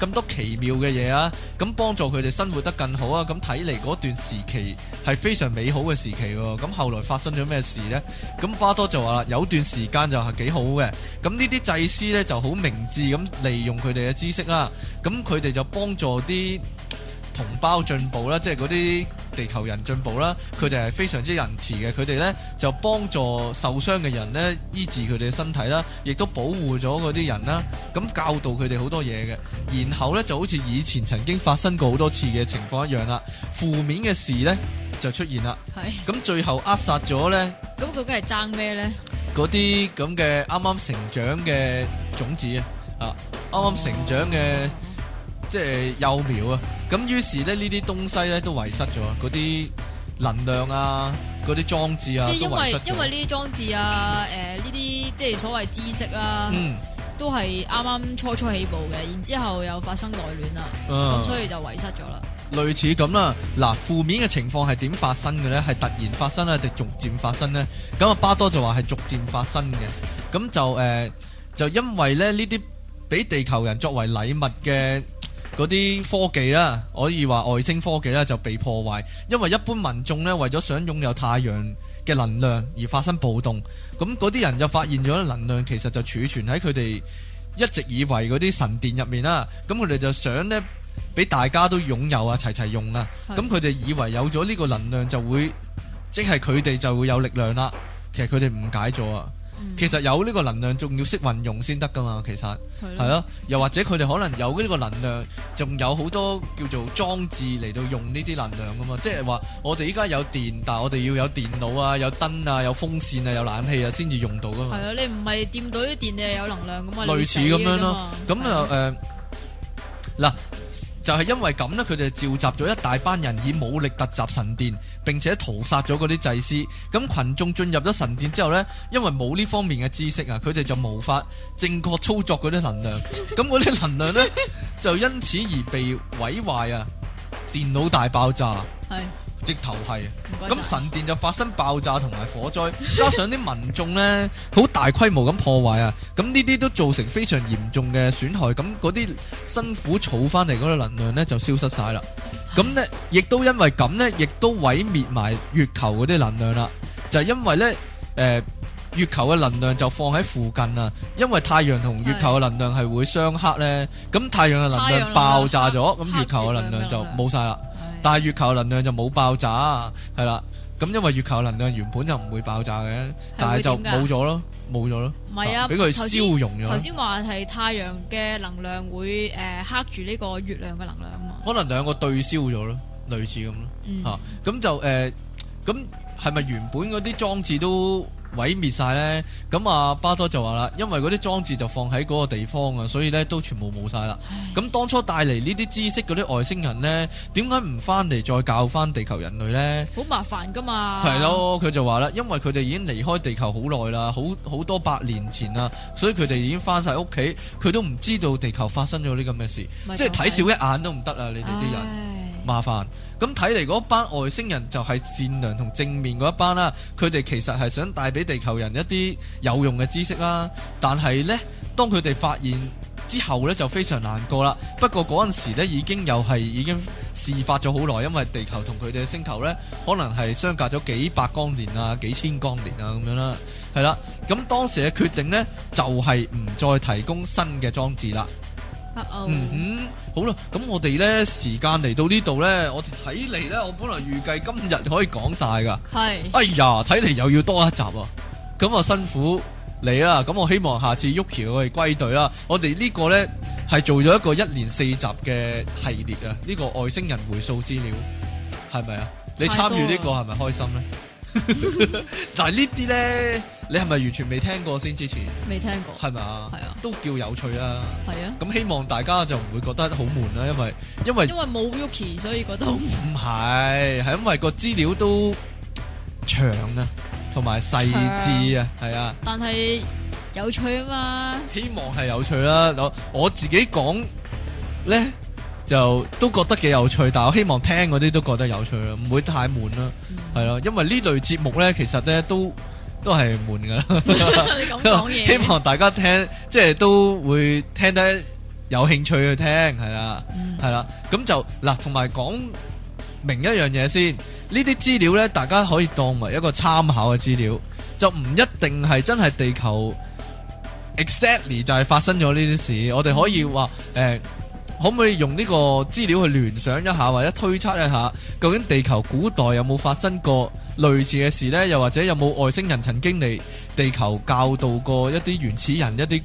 咁多奇妙嘅嘢啊，咁幫助佢哋生活得更好啊，咁睇嚟嗰段時期係非常美好嘅時期喎，咁後來發生咗咩事呢？咁巴多就話啦，有段時間就係幾好嘅，咁呢啲祭師呢就好明智咁利用佢哋嘅知識啊，咁佢哋就幫助啲同胞進步啦，即係嗰啲地球人進步啦，佢哋係非常之仁慈嘅，佢哋呢就幫助受傷嘅人呢，醫治佢哋嘅身體啦，亦都保護咗嗰啲人啦，咁教導佢哋好多嘢嘅，然後呢就好似以前曾經發生過好多次嘅情況一樣啦，負面嘅事呢就出現啦，係，咁最後扼殺咗呢，咁究竟係爭咩呢？嗰啲咁嘅啱啱成長嘅種子啊，啱啱成長嘅、嗯。即係幼苗啊！咁於是咧，呢啲東西咧都遺失咗嗰啲能量啊，嗰啲裝置啊，即係因為因為呢啲裝置啊，呃、呢啲即係所謂知識啦、啊嗯，都係啱啱初初起步嘅。然之後又發生內亂啦，咁、嗯、所以就遺失咗啦。類似咁啦，嗱負面嘅情況係點發生嘅咧？係突然發生咧，定逐漸發生咧？咁啊巴多就話係逐漸發生嘅。咁就、呃、就因為咧呢啲俾地球人作為禮物嘅。嗰啲科技啦，可以話外星科技咧就被破壞，因為一般民眾咧為咗想擁有太陽嘅能量而發生暴動，咁嗰啲人就發現咗能量其實就儲存喺佢哋一直以為嗰啲神殿入面啦，咁佢哋就想咧俾大家都擁有啊，齊齊用啊，咁佢哋以為有咗呢個能量就會，即係佢哋就會有力量啦，其實佢哋誤解咗啊。嗯、其實有呢個能量，仲要識運用先得噶嘛。其實係咯，又或者佢哋可能有呢個能量，仲有好多叫做裝置嚟到用呢啲能量噶嘛。即係話我哋依家有電，但係我哋要有電腦啊、有燈啊、有風扇啊、有冷氣啊，先至用到噶嘛。係啊，你唔係掂到呢啲電，你係有能量噶嘛？類似咁樣咯。咁啊，誒，嗱。呃就係因為咁呢，佢哋召集咗一大班人，以武力突襲神殿，並且屠殺咗嗰啲祭司。咁群眾進入咗神殿之後呢，因為冇呢方面嘅知識啊，佢哋就無法正確操作嗰啲能量。咁嗰啲能量呢，就因此而被毀壞啊！電腦大爆炸。係。直頭係，咁神殿就發生爆炸同埋火災，加上啲民眾呢好大規模咁破壞啊，咁呢啲都造成非常嚴重嘅損害，咁嗰啲辛苦儲翻嚟嗰個能量呢就消失晒啦，咁 呢亦都因為咁呢，亦都毀滅埋月球嗰啲能量啦，就係、是、因為呢，誒、呃、月球嘅能量就放喺附近啊，因為太陽同月球嘅能量係會相克呢。咁太陽嘅能量爆炸咗，咁月球嘅能量就冇晒啦。但係月球能量就冇爆炸，係啦。咁因為月球能量原本就唔會爆炸嘅，但係就冇咗咯，冇咗咯。唔係啊，俾佢消融咗。頭先話係太陽嘅能量會誒吸住呢個月亮嘅能量啊嘛。可能兩個對消咗咯，類似咁咯。吓、嗯，咁、啊、就誒，咁係咪原本嗰啲裝置都？毀滅晒呢？咁阿巴多就話啦，因為嗰啲裝置就放喺嗰個地方啊，所以呢都全部冇晒啦。咁當初帶嚟呢啲知識嗰啲外星人呢，點解唔翻嚟再教翻地球人類呢？好麻煩噶嘛！係咯，佢就話啦，因為佢哋已經離開地球好耐啦，好好多百年前啦，所以佢哋已經翻晒屋企，佢都唔知道地球發生咗呢咁嘅事，即係睇少一眼都唔得啦，你哋啲人。麻煩，咁睇嚟嗰班外星人就係善良同正面嗰一班啦。佢哋其實係想帶俾地球人一啲有用嘅知識啦。但係呢，當佢哋發現之後呢，就非常難過啦。不過嗰陣時呢，已經又係已經事發咗好耐，因為地球同佢哋嘅星球呢，可能係相隔咗幾百光年啊，幾千光年啊咁樣啦。係啦，咁當時嘅決定呢，就係唔再提供新嘅裝置啦。Uh-oh. 嗯哼，好啦，咁我哋咧時間嚟到呢度咧，我睇嚟咧，我本來預計今日可以講晒噶，係，哎呀，睇嚟又要多一集啊，咁啊辛苦你啦，咁我希望下次 Yuki 我哋歸隊啦，我哋呢個咧係做咗一個一連四集嘅系列啊，呢個外星人回數資料係咪啊？你參與呢個係咪開心咧？但係 呢啲咧，你係咪完全未聽過先？之前未聽過，係咪啊？係啊，都叫有趣啊。係啊，咁希望大家就唔會覺得好悶啦，因為因為因為冇 Yuki，所以覺得好悶。唔係，係因為個資料都長啊，同埋細緻啊，係啊。但係有趣啊嘛，希望係有趣啦，啊。我我自己講咧就都覺得幾有趣，但我希望聽嗰啲都覺得有趣啦，唔會太悶啦，啊。係咯，因為呢類節目呢，其實呢都都係悶噶啦。講講嘢，希望大家聽，即係都會聽得有興趣去聽，係啦，係啦。咁就嗱，同埋講明一樣嘢先，呢啲資料呢，大家可以當為一個參考嘅資料，就唔一定係真係地球 exactly 就係發生咗呢啲事。我哋可以話誒。可唔可以用呢個資料去聯想一下，或者推測一下，究竟地球古代有冇發生過類似嘅事咧？又或者有冇外星人曾經嚟地球教導過一啲原始人一啲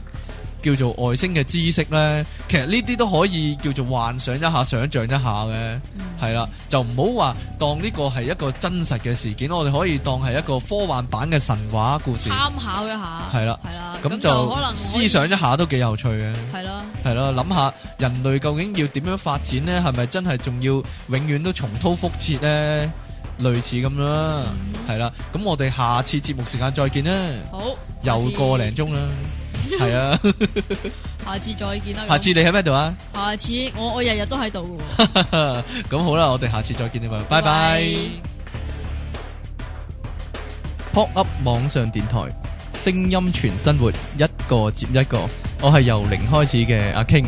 叫做外星嘅知識呢，其實呢啲都可以叫做幻想一下、想像一下嘅，係、嗯、啦，就唔好話當呢個係一個真實嘅事件，我哋可以當係一個科幻版嘅神話故事，參考一下，係啦，係啦，咁就思想一下都幾有趣嘅，係啦，係啦，諗下人類究竟要點樣發展呢？係咪真係仲要永遠都重蹈覆轍呢？類似咁咯，係、嗯、啦，咁我哋下次節目時間再見啦，好，又過零鐘啦。嗯係 是啊， 啊，下次再見啦。下次你喺咩度啊？下次我我日日都喺度嘅。咁好啦，我哋 下次再見啦，拜拜。Pop Up 網上電台，聲音全生活，一個接一個。我係由零開始嘅阿 King。